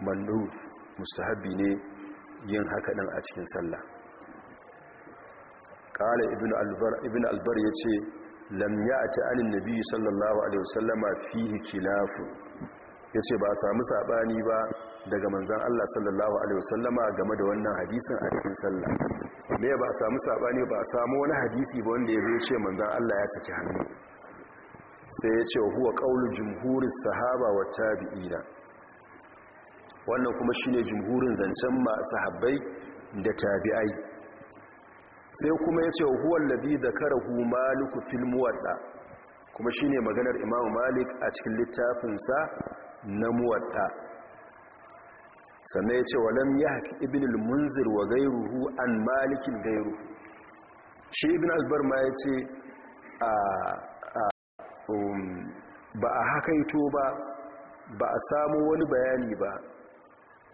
Speaker 1: mandu mustahabi ne yin haka ɗin a cikin sallah ƙala ibn albar ya ce lam ya a ta'anin nabi sallallahu alaihi wasallama fihi ya ce ba a samu saɓani ba daga manzan Allah sallallahu alaihi wasallama game da wannan hadisin a cikin sallah me ba a samu saɓani ba a samu wani hadisi ba wanda ya zo ce manzan Allah ya saki hannu sai ya ce huwa ƙaunar jimhurin sahaba wa tabi'ina wannan kuma shi ne jimhurin zancen masu habai da tabi'ai sai kuma ya ce huwa labi da karahu maliku filmuwaɗa kuma shi ne maganar Imam malik a cikin littafinsa na muwaɗa sannan ya ce walam ya haƙi ibn al-munzir wa gairuhu an malikin gairu shi ibn albarma ya ce a ah, Um, ba a hakaito ba ba a samu wani bayani ba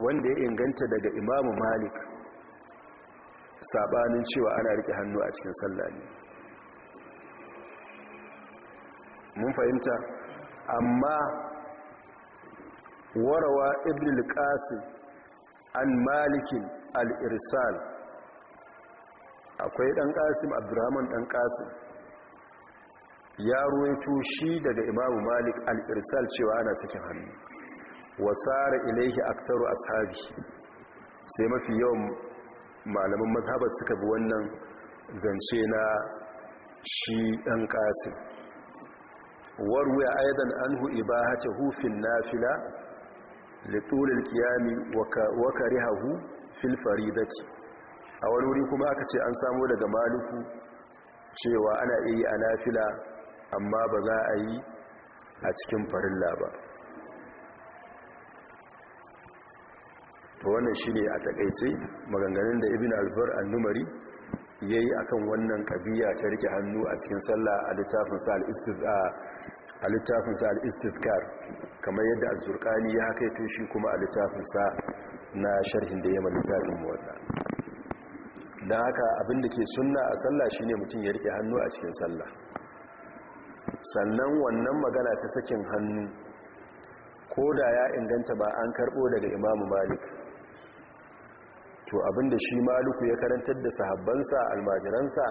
Speaker 1: wanda ya inganta daga imamu malik sabanin cewa ana rike hannu a cikin sallah mun fahimta amma warawa ibn al-qasim an malikin al-irsal akwai dan qasim abdurrahman dan qasim ya ruwaito shi daga imamu malik al-irsal cewa ana cikin hannu wasara ilaihi aktaru ashabi sai mafi yawan malaman mazhabar suka bi wannan zance na shi ɗan ƙasin warwaya aidan anhu ibahata hufin nafila litulil kiyami wa karihahu fil faridati a wani wuri kuma aka ce an samu daga maliku cewa ana iya yi a nafila amma ba za a yi a cikin farilla ba to wannan shi ne a takaice maganganun da ibn albar Numari ya yi a kan wannan kabiya ta rike hannu a cikin sallah a littafin littafinsa al'istifkar kamar yadda azurkani ya haka yi shi kuma a littafin sa na sharhin da ya littafin muwadda don haka abinda ke sunna a sallah shi ne mutum ya rike hannu a cikin sallah sannan wannan magana ta sakin hannu ko da ya inganta ba an karɓo daga imamu malik to abinda shi maluku ya karantar da sahabbansa almajiransa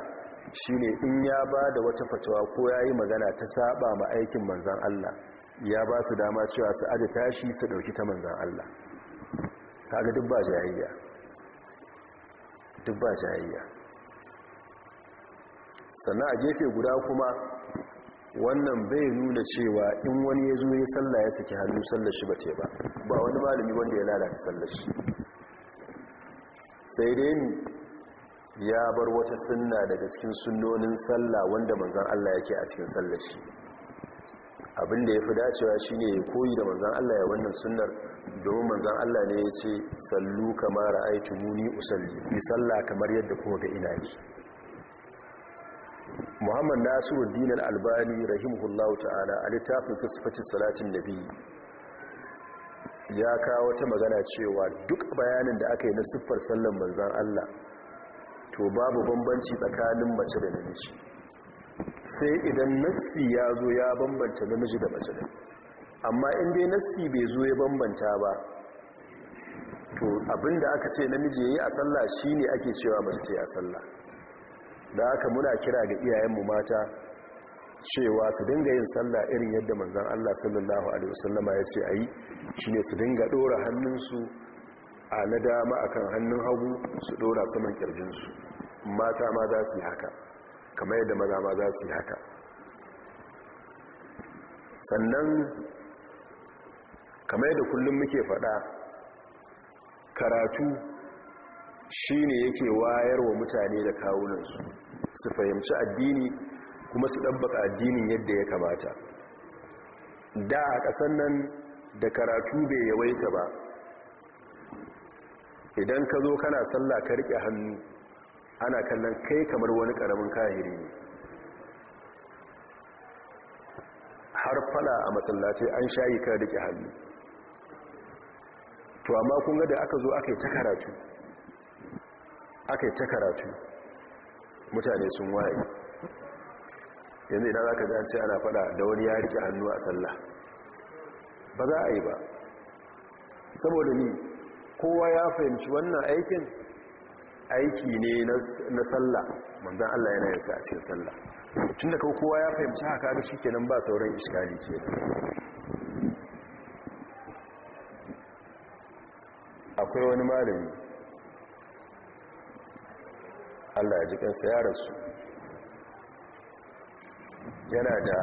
Speaker 1: shi ne in ya ba da wata fatawa ko ya yi magana ta saba ma aikin manzan Allah ya ba su dama cewa su aji tashi su ɗauki ta manzan Allah kaga duk ba jayayya duk jayayya sannan a gefe guda kuma wannan bai nuna cewa in wani ya zo ya salla ya saki hannu sallar shi ce ba ba wani malami wanda ya lalata sallar shi sai dai ya bar wata sunna daga cikin sunnonin sallah wanda manzan Allah yake a cikin sallar shi abin ya fi dacewa shine ya koyi da manzan Allah ya wannan sunnar domin manzan Allah ne ya ce sallu kamar ra'aytu muni usalli ku sallah kamar yadda kuma ga ina ne. muhammad Nasiru, dinar albani rahimahullahu ta'ala a littafin sassafacin salatin nabi ya kawo wata magana cewa duk bayanin da aka yi na siffar sallan manzan Allah to babu bambanci tsakanin mace da namiji sai idan nassi ya zo ya bambanta namiji da mace da amma inda nassi bai zo ya bambanta ba to abinda aka ce namiji ya yi a sallah shine ake cewa mace ta yi a sallah da haka muna kira ga iyayenmu mata cewa su dinga yin sallah irin yadda manzon Allah sallallahu alaihi wasallama ya ce a ayi shine su dinga dora hannunsu a na dama akan hannun hagu su dora saman kirjinsu mata ma za su yi haka kamar yadda maza ma za su yi haka sannan kamar yadda kullum muke faɗa karatu shi ne yake wayar wa mutane da kawunansu su fahimci addini kuma su ɗabbaka addinin yadda ya kamata da a ƙasan nan da karatu bai yawaita ba idan ka zo kana sallah ka riƙe hannu ana kallon kai kamar wani ƙaramin kahiri ne har fada a masallatai an shayi ka riƙe hannu to amma kun ga da aka zo aka yi ta karatu aka yi ta karatu mutane sun waye yanzu idan za ka ana fada da wani ya rike hannu a sallah ba za a yi ba saboda ni kowa ya fahimci wannan aikin aiki ne na sallah manzan Allah yana yansa a cikin sallah tun da kowa ya fahimci haka ga shi kenan ba sauran iskali ce akwai wani malami allah ya ya rasu yana da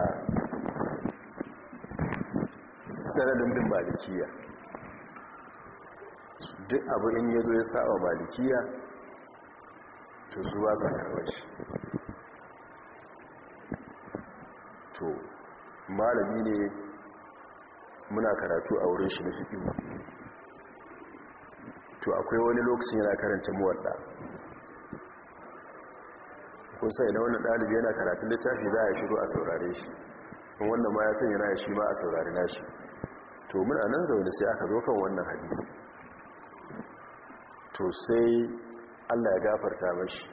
Speaker 1: sanadin bin malikiya duk abu in ya zo ya sa wa malikiya to zuwa zakarwar shi to malami ne muna karatu a wurin shi na fikihu to akwai wani lokacin yana karanta muwadda kun sai da wannan ɗalibi yana karatun littafi za a shigo a saurare shi in wannan ma ya sanya na shi ma a saurare na shi to muna nan zaune sai aka zo kan wannan hadisi to sai allah ya gafarta mashi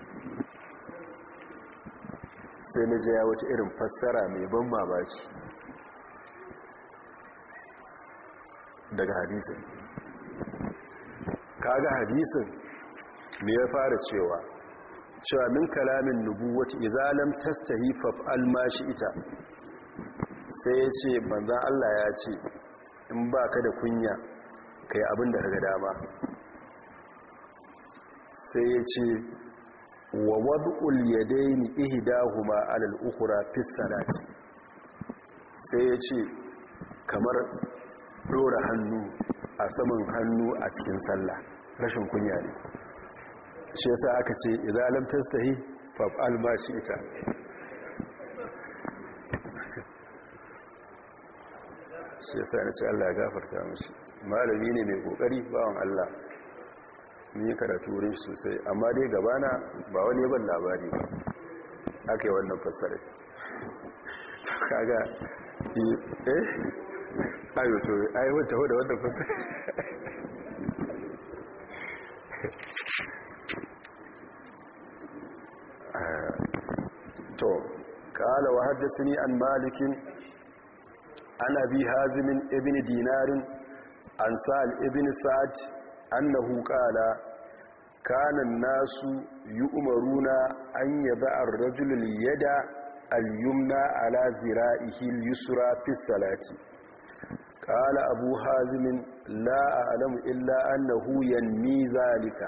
Speaker 1: sai na ya wata irin fassara mai ban mamaki daga hadisin kaga hadisin ne ya fara cewa cewa min kalamin nubuwati idza lam almashi ita sai ya ce banzan Allah ya ce in ba ka da kunya ka yi abin da ka gada dama sai ya ce wa wad'ul yadaini ihdahuma ma al-ukhra fi salati sai ya ce kamar dora hannu a saman hannu a cikin sallah rashin kunya ne shi yasa aka ce idan lam tastahi fab almashi ita shi yasa na ce Allah ya gafarta mishi malami ne mai kokari bawan Allah ni karatu wurin shi sosai amma dai gabana ba wani ban labari ba aka yi wannan fassara kaga eh, eh? ayo to ayo ta hoda wannan fassara قال وحدثني عن مالك عن أبي هازم ابن دينار عن سال ابن سعد أنه قال كان الناس يؤمرون أن يضع الرجل اليد اليمنى على ذرائه اليسرى في الصلاة قال أبو هازم لا أعلم إلا أنه ينمي ذلك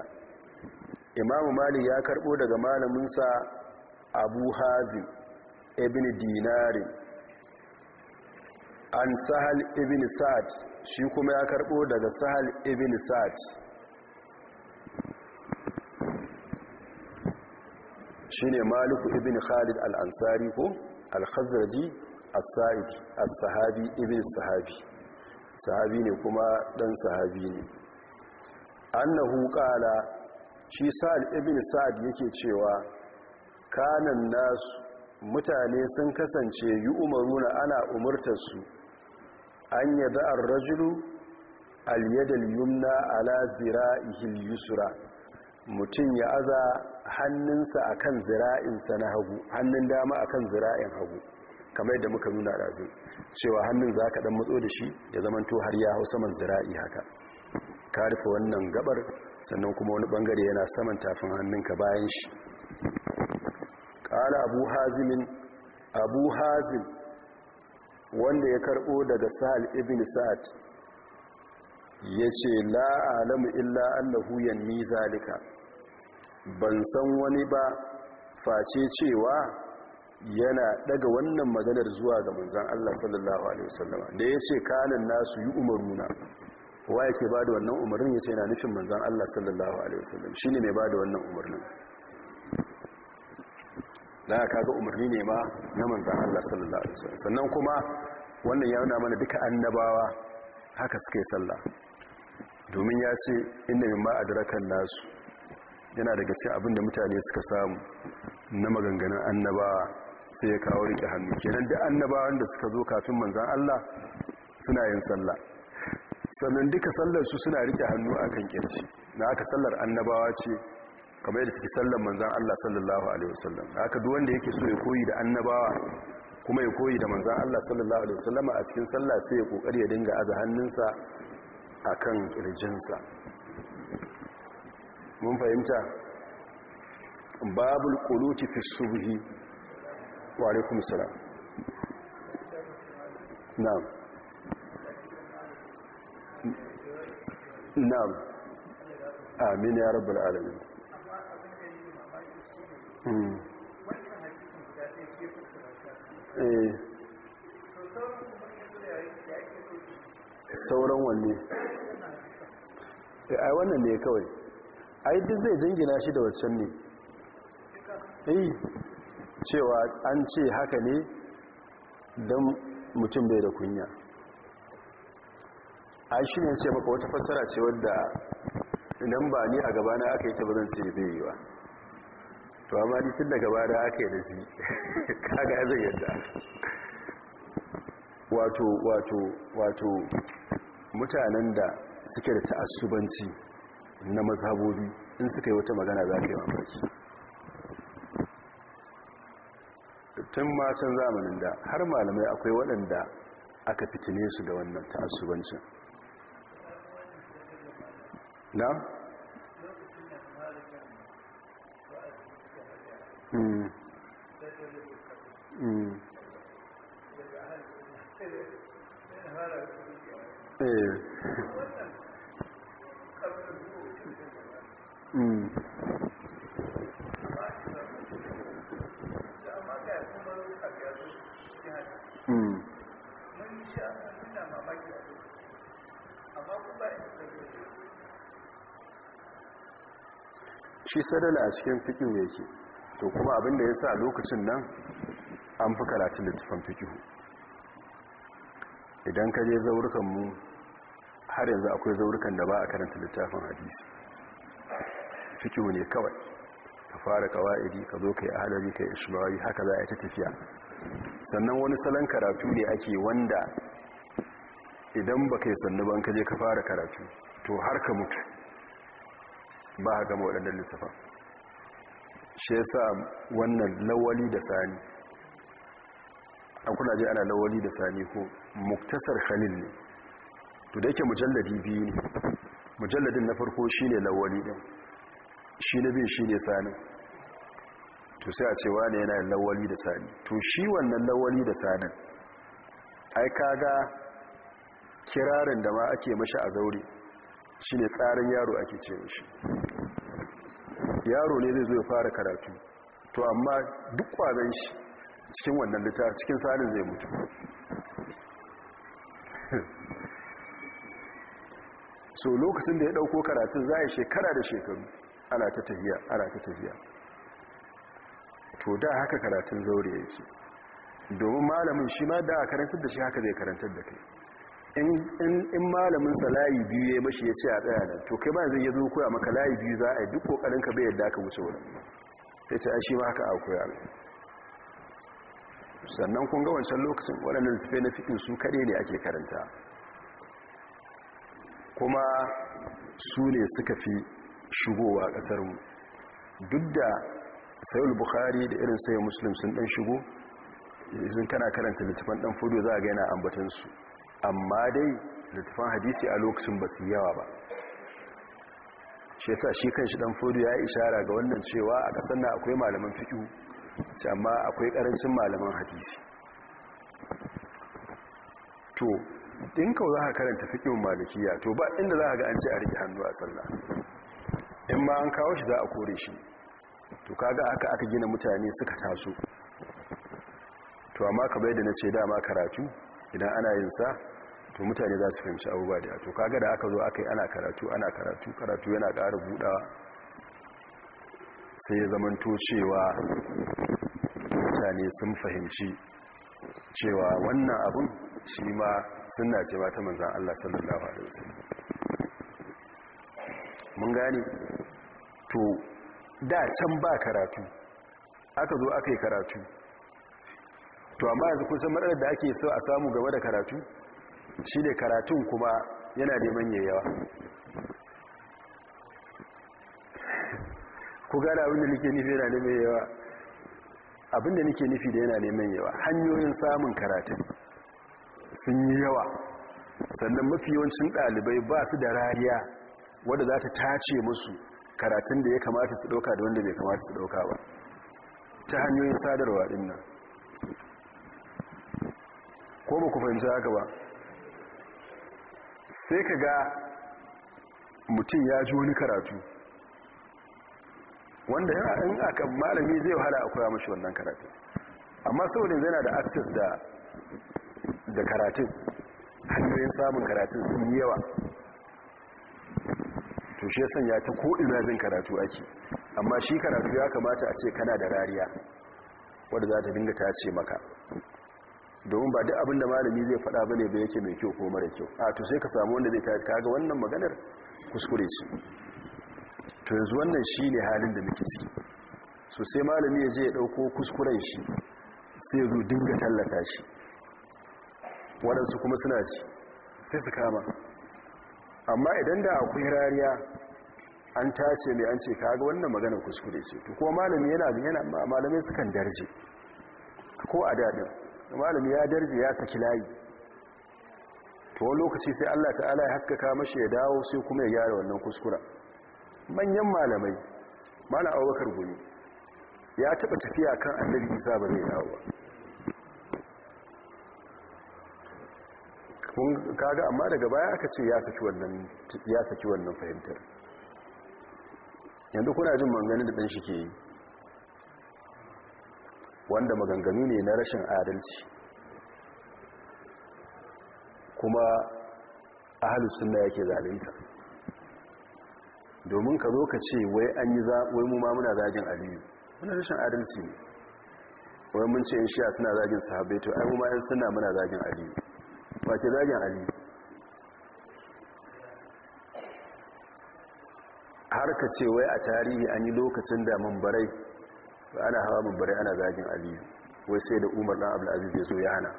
Speaker 1: imamu mali ya karbo daga malaminsa abu hazim ibn dinari an sahal ibn sa'ad shi kuma ya karbo daga sahal ibn sa'ad shine maliku ibn khalid al-ansari ko al-khazraji as-sa'idi as-sahabi ibn sahabi sahabi ne kuma dan sahabi ne annahu qala shi sa'ad ibn sa'ad yake cewa kanan nasu mutane sun kasance yi umaruna ana umurtarsu an yi an rajulu aliyadal yumna ala zira'ihil yusra mutum ya aza hannunsa a kan zira'insa na hagu hannun dama akan zira'in hagu kamar yadda muka nuna razu cewa hannun za ka dan matso da shi ya zamanto har ya hau saman zira'i haka ka rufe wannan gabar sannan kuma wani bangare yana saman tafin hannunka bayan shi قال abu حازم ابو hazim wanda ya karɓo daga sa'al ibn sa'ad ya ce la'alamu illa annahu yanni zalika ban san wani ba face cewa yana daga wannan maganar zuwa ga manzan Allah sallallahu alaihi wasallam da yace kanan nasu yi umaruna wa yake bada wannan umarnin yace yana nufin manzan Allah sallallahu alaihi wasallam shine mai bada wannan umarnin da ga umarni ne ma na manzan Allah sallallahu alaihi wasallam sannan kuma wannan ya nuna mana duka annabawa haka suka yi sallah domin ya ce inda min ma adrakan nasu yana daga cikin abin da mutane suka samu na maganganun annabawa sai ya kawo rike hannu kenan da annabawan da suka zo kafin manzan Allah suna yin sallah sannan duka sallar su suna rike hannu akan kirci na aka sallar annabawa ce kamar yadda cikin sallan manzan Allah sallallahu alaihi wasallam haka duk wanda yake so ya koyi da annabawa kuma ya koyi da manzan Allah sallallahu alaihi wasallama a cikin sallah sai ya kokari ya dinga aza hannunsa a kan kirjinsa mun fahimta babul quluti fi subhi wa alaikum salam na'am na'am amin ya rabbal alamin Eh. sauran wanne eh, ai wannan ne kawai ai duk zai jingina shi da waccan ne eh cewa an ce haka ne don mutum bai da kunya ai shi ne ce maka wata fassara ce wadda idan ba ni a gabana aka yi ta bazan ce bai yi ba to amma ni tun daga bada aka yi da shi kaga zai yadda wato wato wato mutanen da suke da ta'assubanci na mazhabobi in suka yi wata magana za ka yi mamaki tun macen zamanin da har malamai akwai waɗanda aka fitine su da wannan ta'assubancin na? Mm. Mm. Eh. Mm. shi sadala a cikin fikin yake to kuma abinda ya sa lokacin nan an fi karatun littafin fikihu idan ka je zaurukanmu har yanzu akwai zaurukan da ba a karanta littafin hadisi fikihu ne kawai ka fara kawa'idi ka zo ka yi ahalari ka yi haka za a ta tafiya sannan wani salon karatu ne ake wanda idan ba ka yi sannu ban ka je ka fara karatu to har ka mutu ba a gama waɗannan littafin shi yasa wannan lawali da sani an kuna ji ana lawali da sani ko muktasar khalil ne to da yake mujalladi biyu ne mujalladin na farko shine lawali din shi na biyu shine sani to sai a ce wani yana lawali da sani to shi wannan lawali da Sani? ai kaga kirarin da ma ake mashi a zaure shine tsarin yaro ake ce shi yaro ne zai zo ya fara karatu to amma duk kwazon shi cikin wannan lita cikin salin zai mutu so lokacin da ya dauko karatun za a shekara da shekaru ana ta tafiya ana ta tafiya to da haka karatun zaure yake domin malamin shi ma da karantar da shi haka zai karantar da kai in malamin sa layi biyu ya mashi ya ce a tsaya nan to kai ba zai ya zo koya maka layi biyu za a yi duk kokarin ka bai yadda aka wuce wurin sai ce a shi ma haka a koya sannan kun ga wancan lokacin waɗannan tafai na fikin su kaɗai ne ake karanta kuma su ne suka fi shigowa a mu duk da sayul bukhari da irin sayo muslim sun ɗan shigo yanzu kana karanta littafan ɗan fudu za a gaina ambatansu amma dai littafin hadisi a lokacin ba su yawa ba shi yasa shi kan shi dan Fudu ya ishara ga wannan cewa a kasan na akwai malaman fiƙi sai amma akwai ƙarancin malaman hadisi to in kawo za ka karanta fiƙin malakiya, to ba inda za ka ga an ce a riƙe hannu a sallah in ma an kawo shi za a kore shi to kaga haka aka gina mutane suka taso to amma ka bai da na ce dama karatu idan ana yin sa to mutane za su fahimci abubuwa da to kaga da aka zo aka yi ana karatu ana karatu karatu yana ƙara buɗa sai ya zamanto cewa mutane sun fahimci cewa wannan abun shi ma suna cewa ta manzan Allah sallallahu alaihi wasallam mun gane to da can ba karatu aka zo aka yi karatu to amma yanzu kusan san matsalar da ake so a samu gaba da karatu shi ne karatun kuma yana neman yawa. ku gada abinda nake nufi yana neman yawa abinda nake nufi da yana neman yawa hanyoyin samun karatun sun yi yawa sannan mafi yawancin dalibai ba su da rariya wadda za ta tace musu karatun da ya kamata su ɗauka da wanda bai kamata su ɗauka ba ta hanyoyin sadarwa dinna ko ba ku fahimci haka ba sai ka ga mutum ya ji wani karatu wanda yana in aka malami zai wahala a kura mashi wannan karatun amma saboda yana da access da karatun hanyoyin samun karatun sun yi yawa tushe shi sanya ta ko'ina jin karatu ake amma shi karatu ya kamata a ce kana da rariya wadda za ta dinga ta ce maka domin ba duk abinda malami zai faɗa bane ba yake mai kyau ko mara kyau a to sai ka samu wanda zai kai kaga wannan maganar kuskure ce to yanzu wannan shine halin da muke ci so sai malami ya je ya dauko kuskuren shi sai zo dinga tallata shi waɗansu kuma suna ci sai su kama amma idan da akwai rariya an tace mai an ce kaga wannan maganar kuskure ce to kuma malami yana yana malamai sukan darje ko a dadin malami ya darje ya saki layi to wani lokaci sai Allah ta'ala ya haskaka mashi ya dawo sai kuma ya gyara wannan kuskura manyan malamai malam Abubakar Gumi ya taba tafiya kan Annabi Isa ba zai dawo ba kun kaga amma daga baya aka ce ya saki wannan fahimtar yanzu kuna jin manganin da ɗan shi ke yi wanda maganganu ne na rashin adalci kuma ahalus sunna yake zalinta domin ka zo ka ce wai an yi wai mu ma muna zagin aliyu muna rashin adalci ne wai mun ce in shi'a suna zagin sahabbai ai mu ma yan suna muna zagin aliyu ba ke zagin aliyu har ka ce wai a tarihi an yi lokacin damin barai. ana hawa babbare ana zagin aliyu wai sai da umar dan abdulaziz ya zo ya hana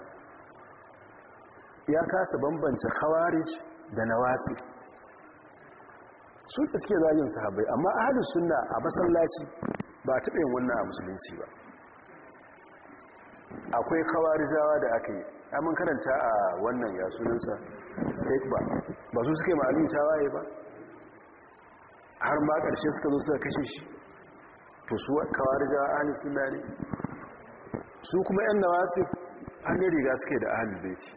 Speaker 1: ya kasa bambance khawarij da nawasi sun suke zagin sahabbai amma ahlus suna a masallaci ba a taɓa yin wannan a musulunci ba akwai khawarijawa da aka yi amin karanta a wannan ya sunansa ba ba su suke ma'alin tawaye ba har ma ƙarshe suka zo suka kashe shi to su kawarja ahli sunna ne su kuma yan nawasif an ne riga suke da ahli baiti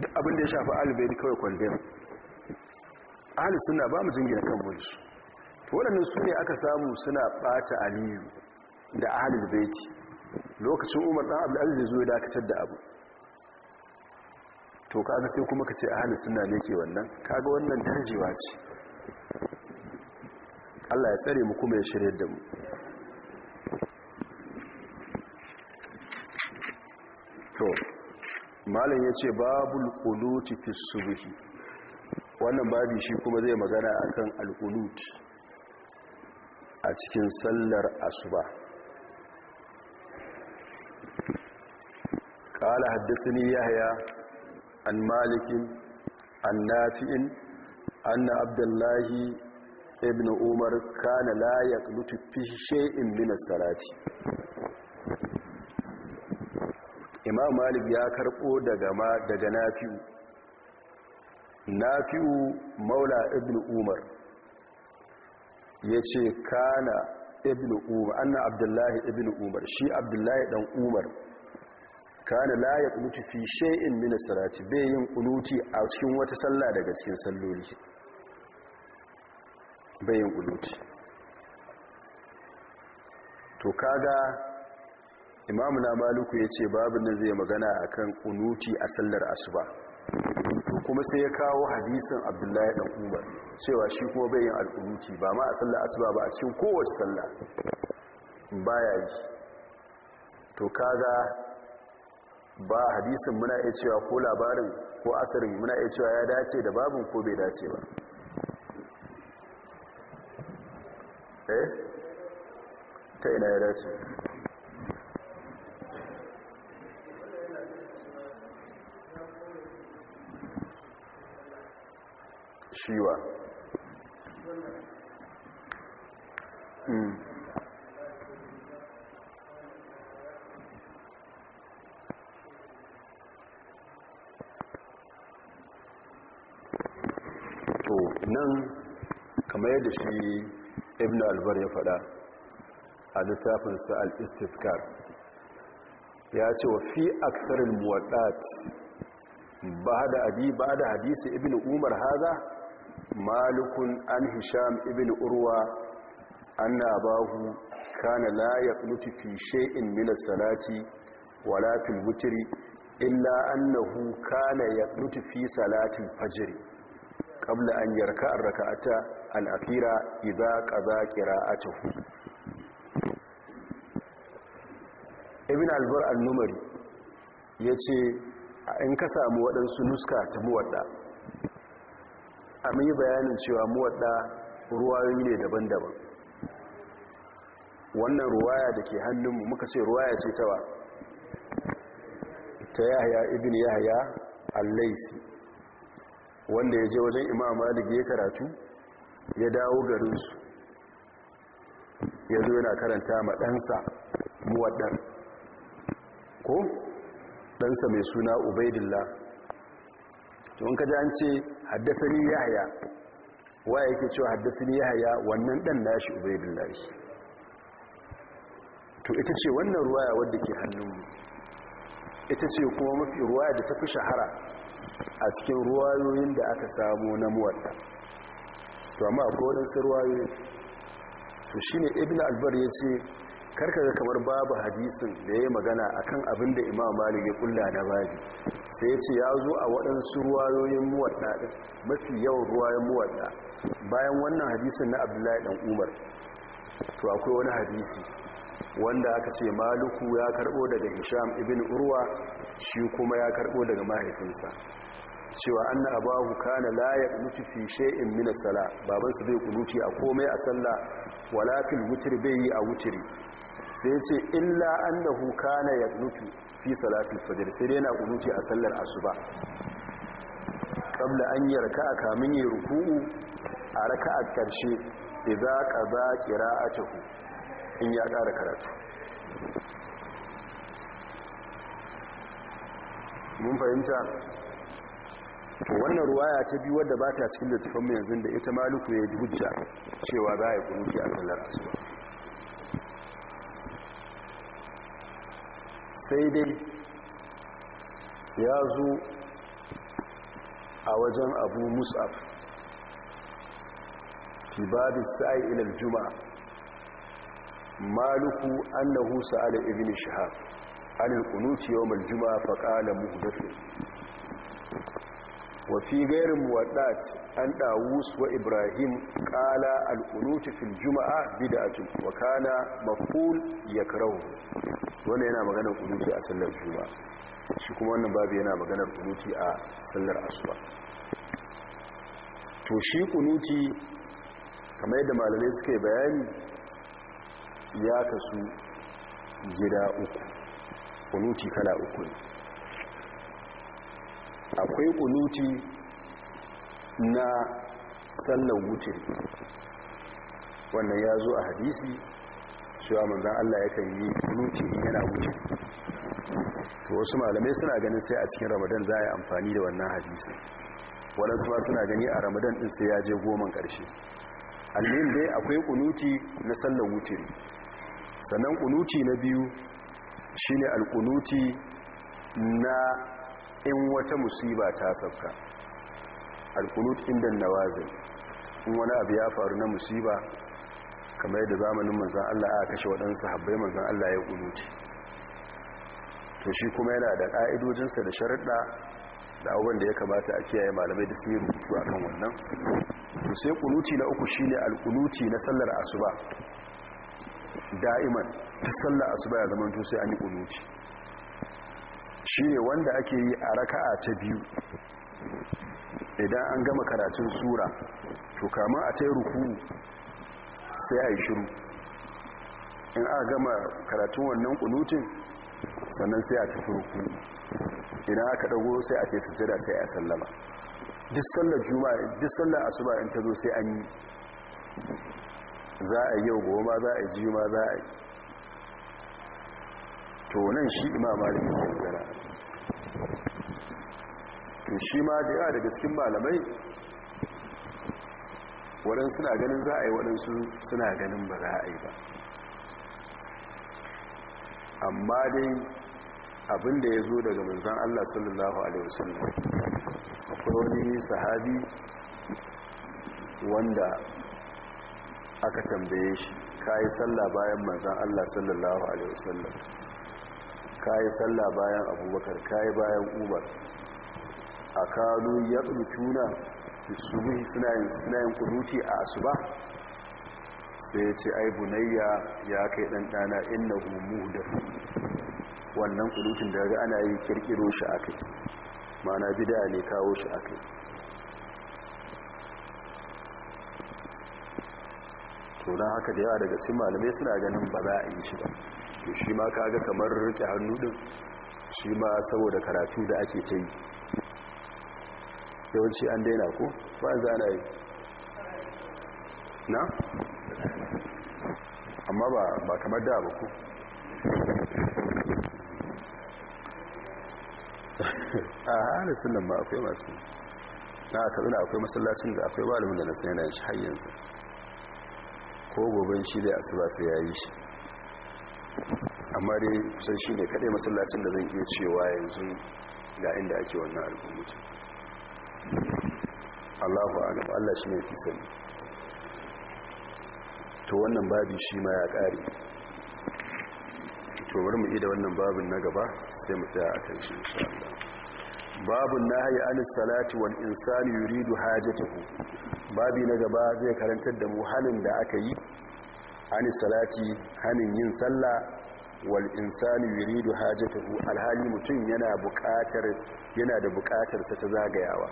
Speaker 1: duk abin da ya shafi ahli baiti kawai kwandem ahli sunna ba mu jingina kan wurinsu to waɗannan su ne aka samu suna ɓata aliyu da ahli baiti lokacin umar ɗan abdulaziz zai zuwa dakatar da abu to kaga sai kuma ka ce ahli sunna ne ke wannan kaga wannan tarjewa ce Allah ya tsare mu kuma ya shirye da mu to malam ya ce babul quluti fi subhi wannan babu shi kuma zai magana akan al-qulut a cikin sallar asuba Kala haddathani yahya an malikin an nafi'in anna abdullahi ibn umar kana la yaqnutu fi shay'in min as-salati imam malik ya karbo daga ma daga nafi'u nafi'u maula ibn umar yace kana ibn umar anna abdullahi ibn umar shi abdullahi dan umar kana la yaqnutu fi shay'in min as-salati bai yin a cikin wata sallah daga cikin salloli bayan kuluti to kaga imamu na maluku ya ce babu da zai magana a kan unuti a sallar asuba to kuma sai ya kawo hadisin abdullahi dan umar cewa shi kuma bayin al'unuti ba ma a sallar asuba ba a cikin kowace sallah baya yi to kaga ba hadisin muna iya cewa ko labarin ko asirin muna iya cewa ya dace da babin ko bai dace ba eh ta ina ya dace shiwa hmm. to nan kamar yadda shi ibn albar ya fada a littafinsa al-istifkar ya ce wa fi aksarin muwaddat ba da abi ba da hadisi ibn umar haza malikun an hisham ibn urwa anna bahu kana la yaqnutu fi shay'in min as-salati wala fil witri illa annahu kana yaqnutu fi salati al-fajr qabla an yarka'a ar-rak'ata al'afira iza ƙaza cikin ibn albar al-numari ya ce in ka samu waɗansu nuska ta muwaɗa a mai bayanin cewa muwaɗa ruwayoyi ne daban-daban wannan ruwaya da ke hannunmu muka ce ruwaya ce tawa ta yahya ibn yahaya al-laisi wanda ya je wajen imam malik ya karatu ya dawo garinsu ya zo yana karanta ma ɗansa muwaɗar ko ɗansa mai suna ubaidillah tun kaji an ce haddasani yahaya wa yake cewa haddasani yahaya wannan ɗan nashi ubaidillah shi to ita ce wannan ruwaya wadda ke hannunmu ita ce kuma mafi ruwaya da ta fi shahara a cikin ruwayoyin da aka samu na muwaɗar to amma akwai waɗansu ruwayoyi to shi ne ibn albar ya ce ga kamar babu hadisin da ya yi magana a kan abin da imam malik ya kulla na babi sai ya ce ya zo a waɗansu ruwayoyin muwaɗa mafi yawan ruwayen muwaɗa bayan wannan hadisun na abdullahi ɗan umar to akwai wani hadisi wanda aka ce maluku ya karɓo daga hisham ibn urwa shi kuma ya karɓo daga mahaifinsa cewa anna abahu kana la yaqnutu fi shay'in min bai kunuti a komai a sallah walafin fil bai yi a witri sai ce illa an da na ya mutu fi salatin fajir sai dai na kunuti a sallar asuba ƙabla an a kamin yi ruku'u a raka a raka'a za ƙira a tafi in ya ƙara karatu mun fahimta wannan ruwaya ta biyu wadda ba ta cikin littafin mu yanzu da ita maluku ya yi hujja cewa za a yi kunuti a sallar sai dai ya zo a wajen abu mus'af fi da sa'i ilal juma'a maluku annahu na husa ala an shahar qunuti yawm yawon juma fa mu dafe. wafi gairin muwaddat an dawus wa ibrahim kala al'unuti fil juma'a bid'atu wa kana maful yakrahu wannan yana maganar kunuti a sallar juma'a shi kuma wannan babu yana maganar kunuti a sallar asuba to shi kunuti kamar yadda malamai suka yi bayani ya kasu gida uku kunuti kala uku ne akwai kunuti na sallar wuce wannan ya zo a hadisi cewa manzan Allah ya kan yi kunuti yana wuce to wasu malamai suna ganin sai a cikin ramadan za a yi amfani da wannan hadisi waɗansu ba suna gani a ramadan ɗin sai ya je goman ƙarshe almin dai akwai kunuti na sallar wutiri sannan kunuti na biyu shine alkunuti na in wata musiba ta sauka alkulut inda nawazin in wani abu ya faru na musiba kamar yadda zamanin manzan Allah a kashe waɗansu habbai manzan Allah ya kuluci to shi kuma yana da ƙa'idojinsa da sharaɗa da abubuwan da ya kamata a kiyaye malamai da su yi rubutu a kan wannan to sai kuluci na uku shi ne alkunuci na sallar asuba da'iman sallar asuba ya zama to sai an yi kunuci shi ne wanda ake yi a raka'a ta biyu idan an gama karatun sura to kama a ta yi ruku sai a yi shiru in a gama karatun wannan kunutin sannan sai a tafi ruku idan aka dago sai a ce sujada sai a sallama duk sallar juma'a duk sallar asuba in ta zo sai an yi za a yi yau goma za a yi jima za a yi to nan shi imam malik ya dogara to shi ma da yawa daga cikin malamai waɗansu suna ganin za a yi waɗansu suna ganin ba za a yi ba amma dai abinda ya zo daga manzan Allah sallallahu Alaihi wasallam akwai wani sahabi wanda aka tambaye shi ka yi sallah bayan manzan Allah sallallahu Alaihi wasallam kayi sallah bayan abubakar kayi bayan umar a kano ya tsutuna su suna yin kuduti a asuba sai ya ce ai bunayya ya kai ɗanɗana inna gumu da su, wannan kudutin da ga ana yi kirkiro shi a kai mana bida ne kawo shi a kai to haka da yawa daga cin malamai suna ganin ba za a yi shi ba to shi ma kaga kamar rike hannu din shi ma saboda karatu da ake ta yi yawanci an daina ko ba za na yi na? amma ba kamar da ba ku a hannun sunan ba akwai masu na a kaduna akwai masallacin da akwai malamin da na sayanar shi har yanzu ko gobe shi da asuba sai ya yi shi amma dai kusan shi ne kaɗai masallacin da zan iya cewa yanzu ga inda ake wannan al'ummacin allahu alam allah shi ne fi sani to wannan babi shi ma ya ƙare to bari mu ida wannan babin na gaba sai mu tsaya a kan shi insha Allah babun nahyi anis salati wal insani yuridu hajatahu babi na gaba zai karantar da mu hanin da aka yi anis salati hanin yin sallah wal insani yuridu hajatahu alhali mutum yana da buƙatar sa ta zagayawa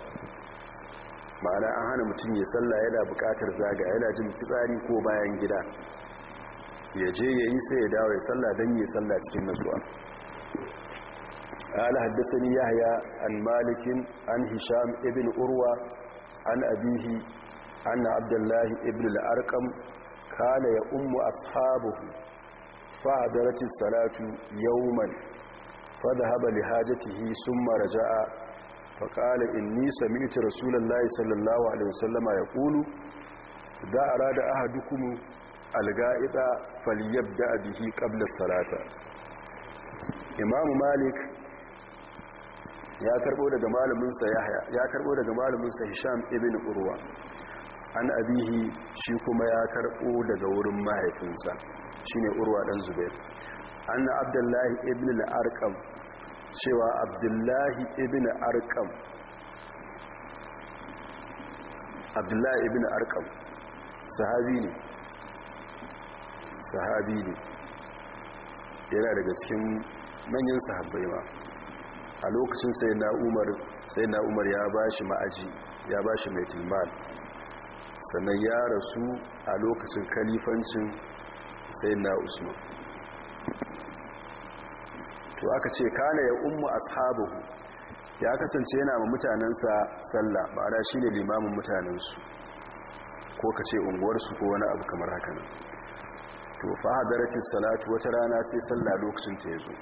Speaker 1: ma'ana an hana mutum ya salla yana buƙatar zagaya yana jin fitsari ko bayan gida ya je ya yi sai ya dawo ya salla don ya salla cikin nutsuwa قال حدثني يحيى an مالك an هشام ابن أروى an أبيه أن Abdullahi الله ابن kala ya ummu ashabuhu fa'adaratis salatu yawman fa dhahaba li hajatihi summa raja'a fa qala inni sami'tu rasulullahi sallallahu alaihi wasallama yaqulu da arada ahadukum al-ga'ida falyabda bihi qabla salata imam malik ya karɓo daga malaminsa hisham Ibin urwa an abihi shi kuma ya karɓo daga wurin mahaifinsa shine urwa dan zubair anna abdullahi ibn al-arqam cewa abdullahi ibn arqam abdullahi ibn arqam sahabi ne sahabi ne yana daga cikin manyan sahabbai ma a lokacin sai na umar sai na umar ya bashi ma'aji ya bashi mai tilmal sannan ya rasu a lokacin kalifancin sai na usman to aka ce kana ya ummu ashabu ya kasance yana ma mutanensa sallah ba da shi ne limamin mutanensu ko ka ce unguwarsu ko wani abu kamar haka to fa salatu wata rana sai salla lokacin ta yazo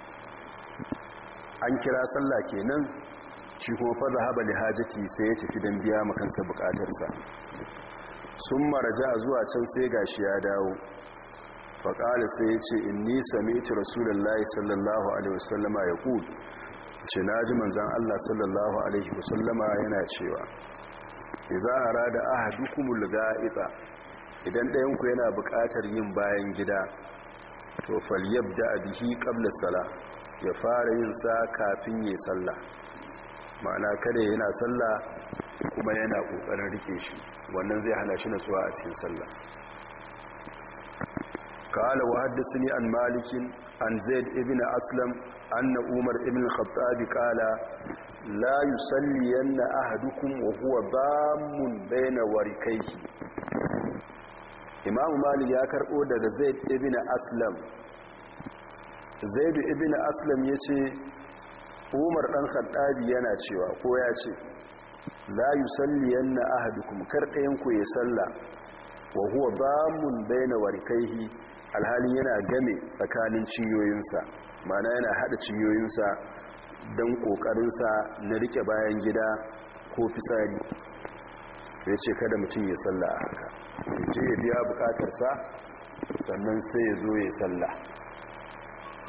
Speaker 1: an kira sallah kenan shi kuma fa zahaba li hajati sai ya tafi dan biya makansa bukatarsa sun maraja zuwa can sai gashi ya dawo faƙali sai ya ce in nisa miti rasulullahi sallallahu alaihi wasallama ya ƙudu ce na ji manzan allah sallallahu alaihi wasallama yana cewa idan arada aha dukumul ga'iba idan ɗayanku yana buƙatar yin bayan gida to falyab da abihi ƙabla sala ya fara yin sa kafin yi sallah ma'ana kada yana sallah kuma yana ƙoƙarin riƙe shi wannan zai hana shi tsuwa a cikin sallah قال وحدثني عن مالك عن زيد ابن أسلم أن عمر ابن الخطاب قال لا يصلين أحدكم وهو بام بين وركيه إمام مالك يا كربو daga زيد ابن أسلم زيد ابن أسلم yace Umar ɗan Khattabi yana cewa ko ya ce la yusalliyanna ahadukum kar ɗayan ku ya salla wa huwa bamun baina warkaihi alhalin yana game tsakanin ciyoyinsa mana yana haɗa ciyoyinsa don kokarinsa na rike bayan gida ko fitsari ya ce kada mutum ya salla a haka ce ya biya bukatarsa sannan sai ya zo ya salla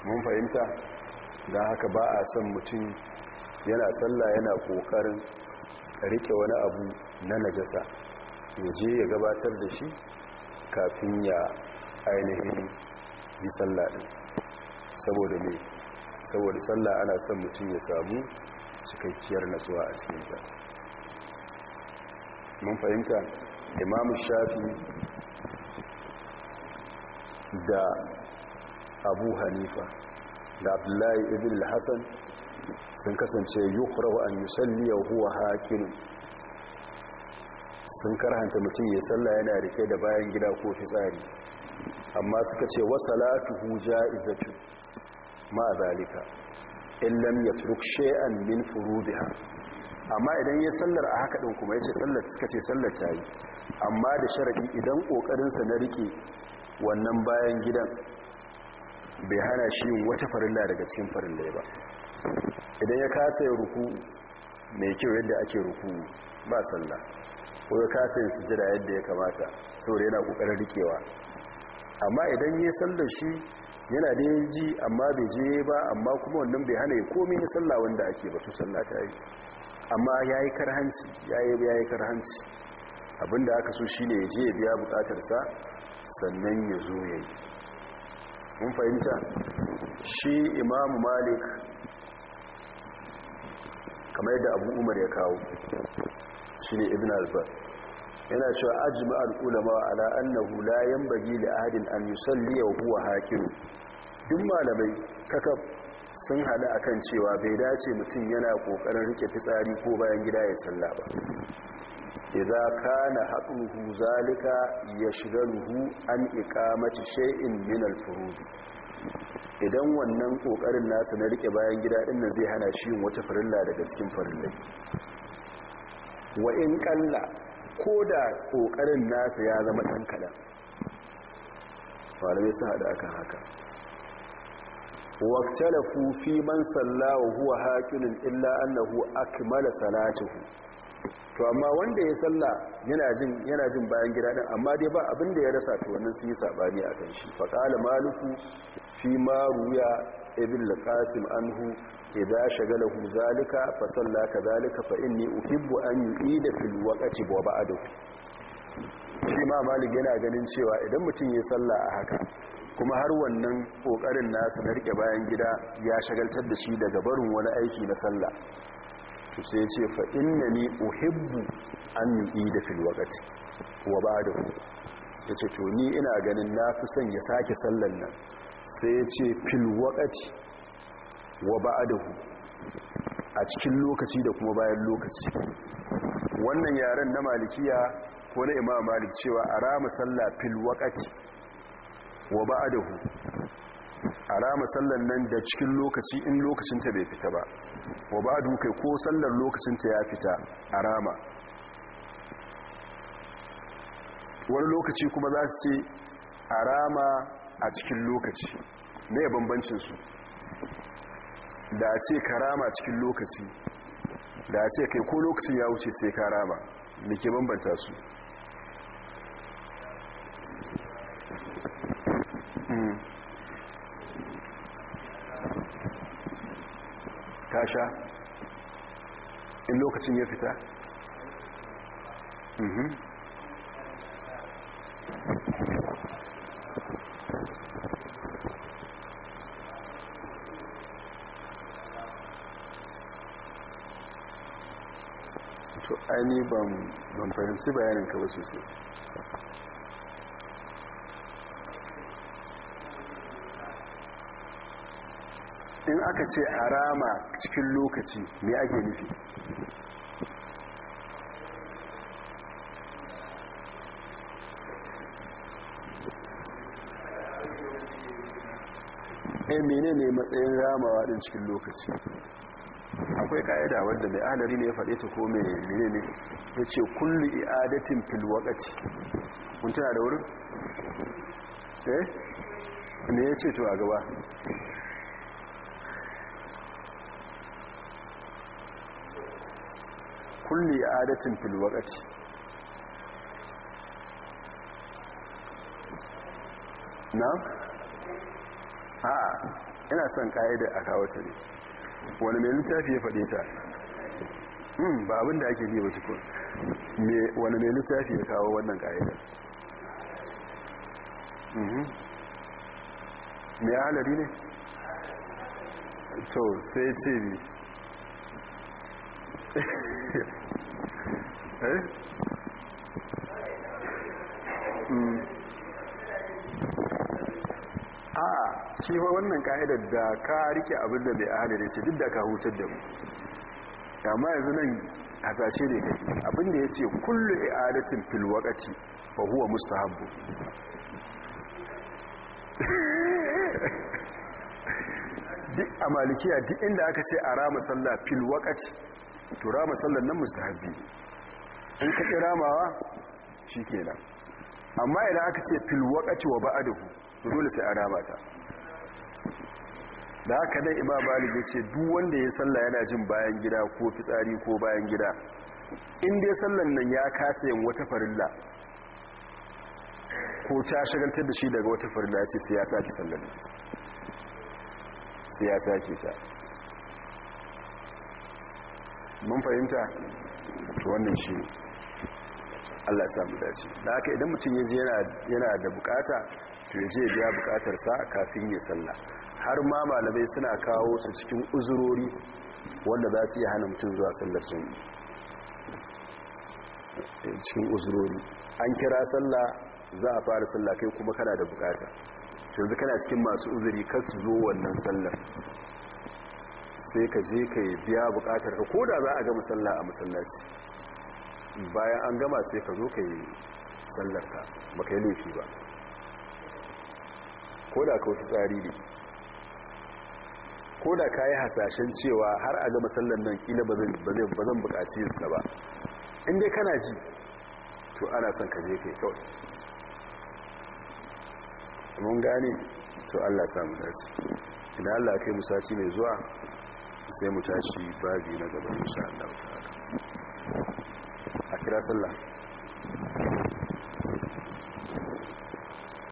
Speaker 1: mun fahimta da haka ba a son mutum yana salla yana ƙoƙarin rike wani abu na najasa ya je ya gabatar da shi kafin ya ainihin yi sallah ɗin saboda ne saboda sallah ana son mutum ya samu cikakkiyar natsuwa a cikinta mun fahimta imamu shafi da abu hanifa da abdullahi ibn hassan sun kasance yukurau an yusalli ya huwa hakinu sun karhanta mutum ya salla yana rike da bayan gida ko fitsari amma suka ce wa salatuhu ja'izatu ma zalika in lam yatruk shay'an min furudiha amma idan ya sallar a haka din kuma yace sallar suka ce sallar tayi amma da sharadi idan ƙoƙarinsa na rike wannan bayan gidan bai hana shi yin wata farilla daga cikin farillai ba idan ya kasa yin ruku mai kyau yadda ake ruku ba sallah ko ya kasa yin sujada yadda ya kamata saboda yana kokarin rikewa amma idan yi sallar shi yana da yin ji amma bai je ba amma kuma wannan bai hana ya komi na sallah wanda ake ba su sallah ta yi amma ya yi karhanci ya yi karhanci abinda aka so shi ne ya je ya biya bukatarsa sannan ya zo ya yi mun fahimta shi imamu malik kamar yadda abu umar ya kawo shi ne ibn albar yana cewa ajima al’ulama ulama ala annahu la yanbaghi Adin, ahadin an yusalli wa huwa hakiru duk malamai kaka sun a kan cewa bai dace mutum yana kokarin rike fitsari ko bayan gida ya salla ba idza kana ya zalika ruhu an iƙa shay'in min al idan wannan ƙoƙarin nasa na rike bayan gida din nan zai hana shi yin wata farilla daga cikin farillai wa in kalla. ko da ƙoƙarin nasa ya zama ɗan kaɗan malamai sun haɗu akan haka ku fi man sallawa huwa haƙinin illa annahu akmala salatuhu to amma wanda ya salla yana jin bayan gida ɗin amma dai ba abin da ya rasa to wannan su yi saɓani a kan shi faƙala maluku fi ma ruya ibn anhu idza shagalahu zalika fa sallaka zalika fa inni uhibbu an yu'ida fil waqti wa ba'du shi ma malik yana ganin cewa idan mutum ya salla a haka kuma har wannan kokarin nasa na rike bayan gida ya shagaltar da shi daga barin wani aiki na sallah to sai ya ce fa innani uhibbu an yu'ida fil waqti wa ba'du yace to ni ina ganin na fi son ya sake sallan nan sai ya ce fil waqti wa ba'adahu a cikin lokaci da kuma bayan lokaci wannan yaren na malikiya ko na imam malik cewa a rama sallah fil wa ba'adahu a rama sallan nan da cikin lokaci in lokacinta bai fita ba wa ba'adu kai ko sallar lokacinta ya fita a rama wani lokaci kuma za su ce a rama a cikin lokaci ne bambancinsu da a ce karama cikin lokaci da a ce kai ko lokacin ya wuce sai karama da ke bambanta su hmm. kasha in lokacin ya fita hmm. aini ban fahimci bayanin ka ba sosai in aka ce rama cikin lokaci me ake nufi ai eh, ne matsayin ramawa ɗin cikin lokaci akwai ka'ida wadda mai adari ne ya faɗe ta ko ne ne ya ce kullu i'adatin filwakaci kuntuna da wurin eh ne ya ce to a gaba kulli iadatin filwakaci na a ina son kaida a kawace ne wani mai littafi ya faɗe ta hmm, ba abin da ake biya cikin wani mai littafi ya kawo wannan ƙa'idar mai mhm. halari ne to sai ce ne shi ba wannan ka'idar da ka rike abin da bai ahada da shi duk da ka hutar da mu amma yanzu nan hasashe ne kake abin da ya ce kullu i'adatin fil waqati fa huwa mustahabbu duk a malikiya duk inda aka ce a rama sallah fil waqati to rama sallan nan ne in ka ki ramawa shikenan amma idan aka ce fil waqati wa ba'dahu to dole sai a rama ta da haka dai imam malik ya ce duk wanda ya salla yana jin bayan gida ko fitsari ko bayan gida in dai sallan nan ya kasa yin wata farilla ko ta shagaltar da shi daga wata farilla ya ce sai ya sake sallan sai ya sake ta mun fahimta wannan shi Allah samu dace da haka idan mutum ya je yana da bukata to ya je ya biya bukatarsa kafin ya sallah har ma malamai suna kawo su cikin uzurori wanda za su iya hana mutum zuwa sallar jami'i eh, cikin uzurori an kira sallah za a fara sallah kai kuma kana da bukata yanzu kana cikin masu uzuri kasu zo wannan sallar sai ka je ka yi biya bukatar ka koda za a gama sallah a masallaci bayan an gama sai ka zo ka yi sallar ka yi laifi ba koda ka wata tsari ne ko da ka yi hasashen cewa har a gama sallar nan kila ba zan bukaci yinsa ba inda kana ji to ana son ka je kai kawai mun gane to allah samu dace idan allah kai musaci mai zuwa sai mu tashi babi na gaba insha allah a kira sallah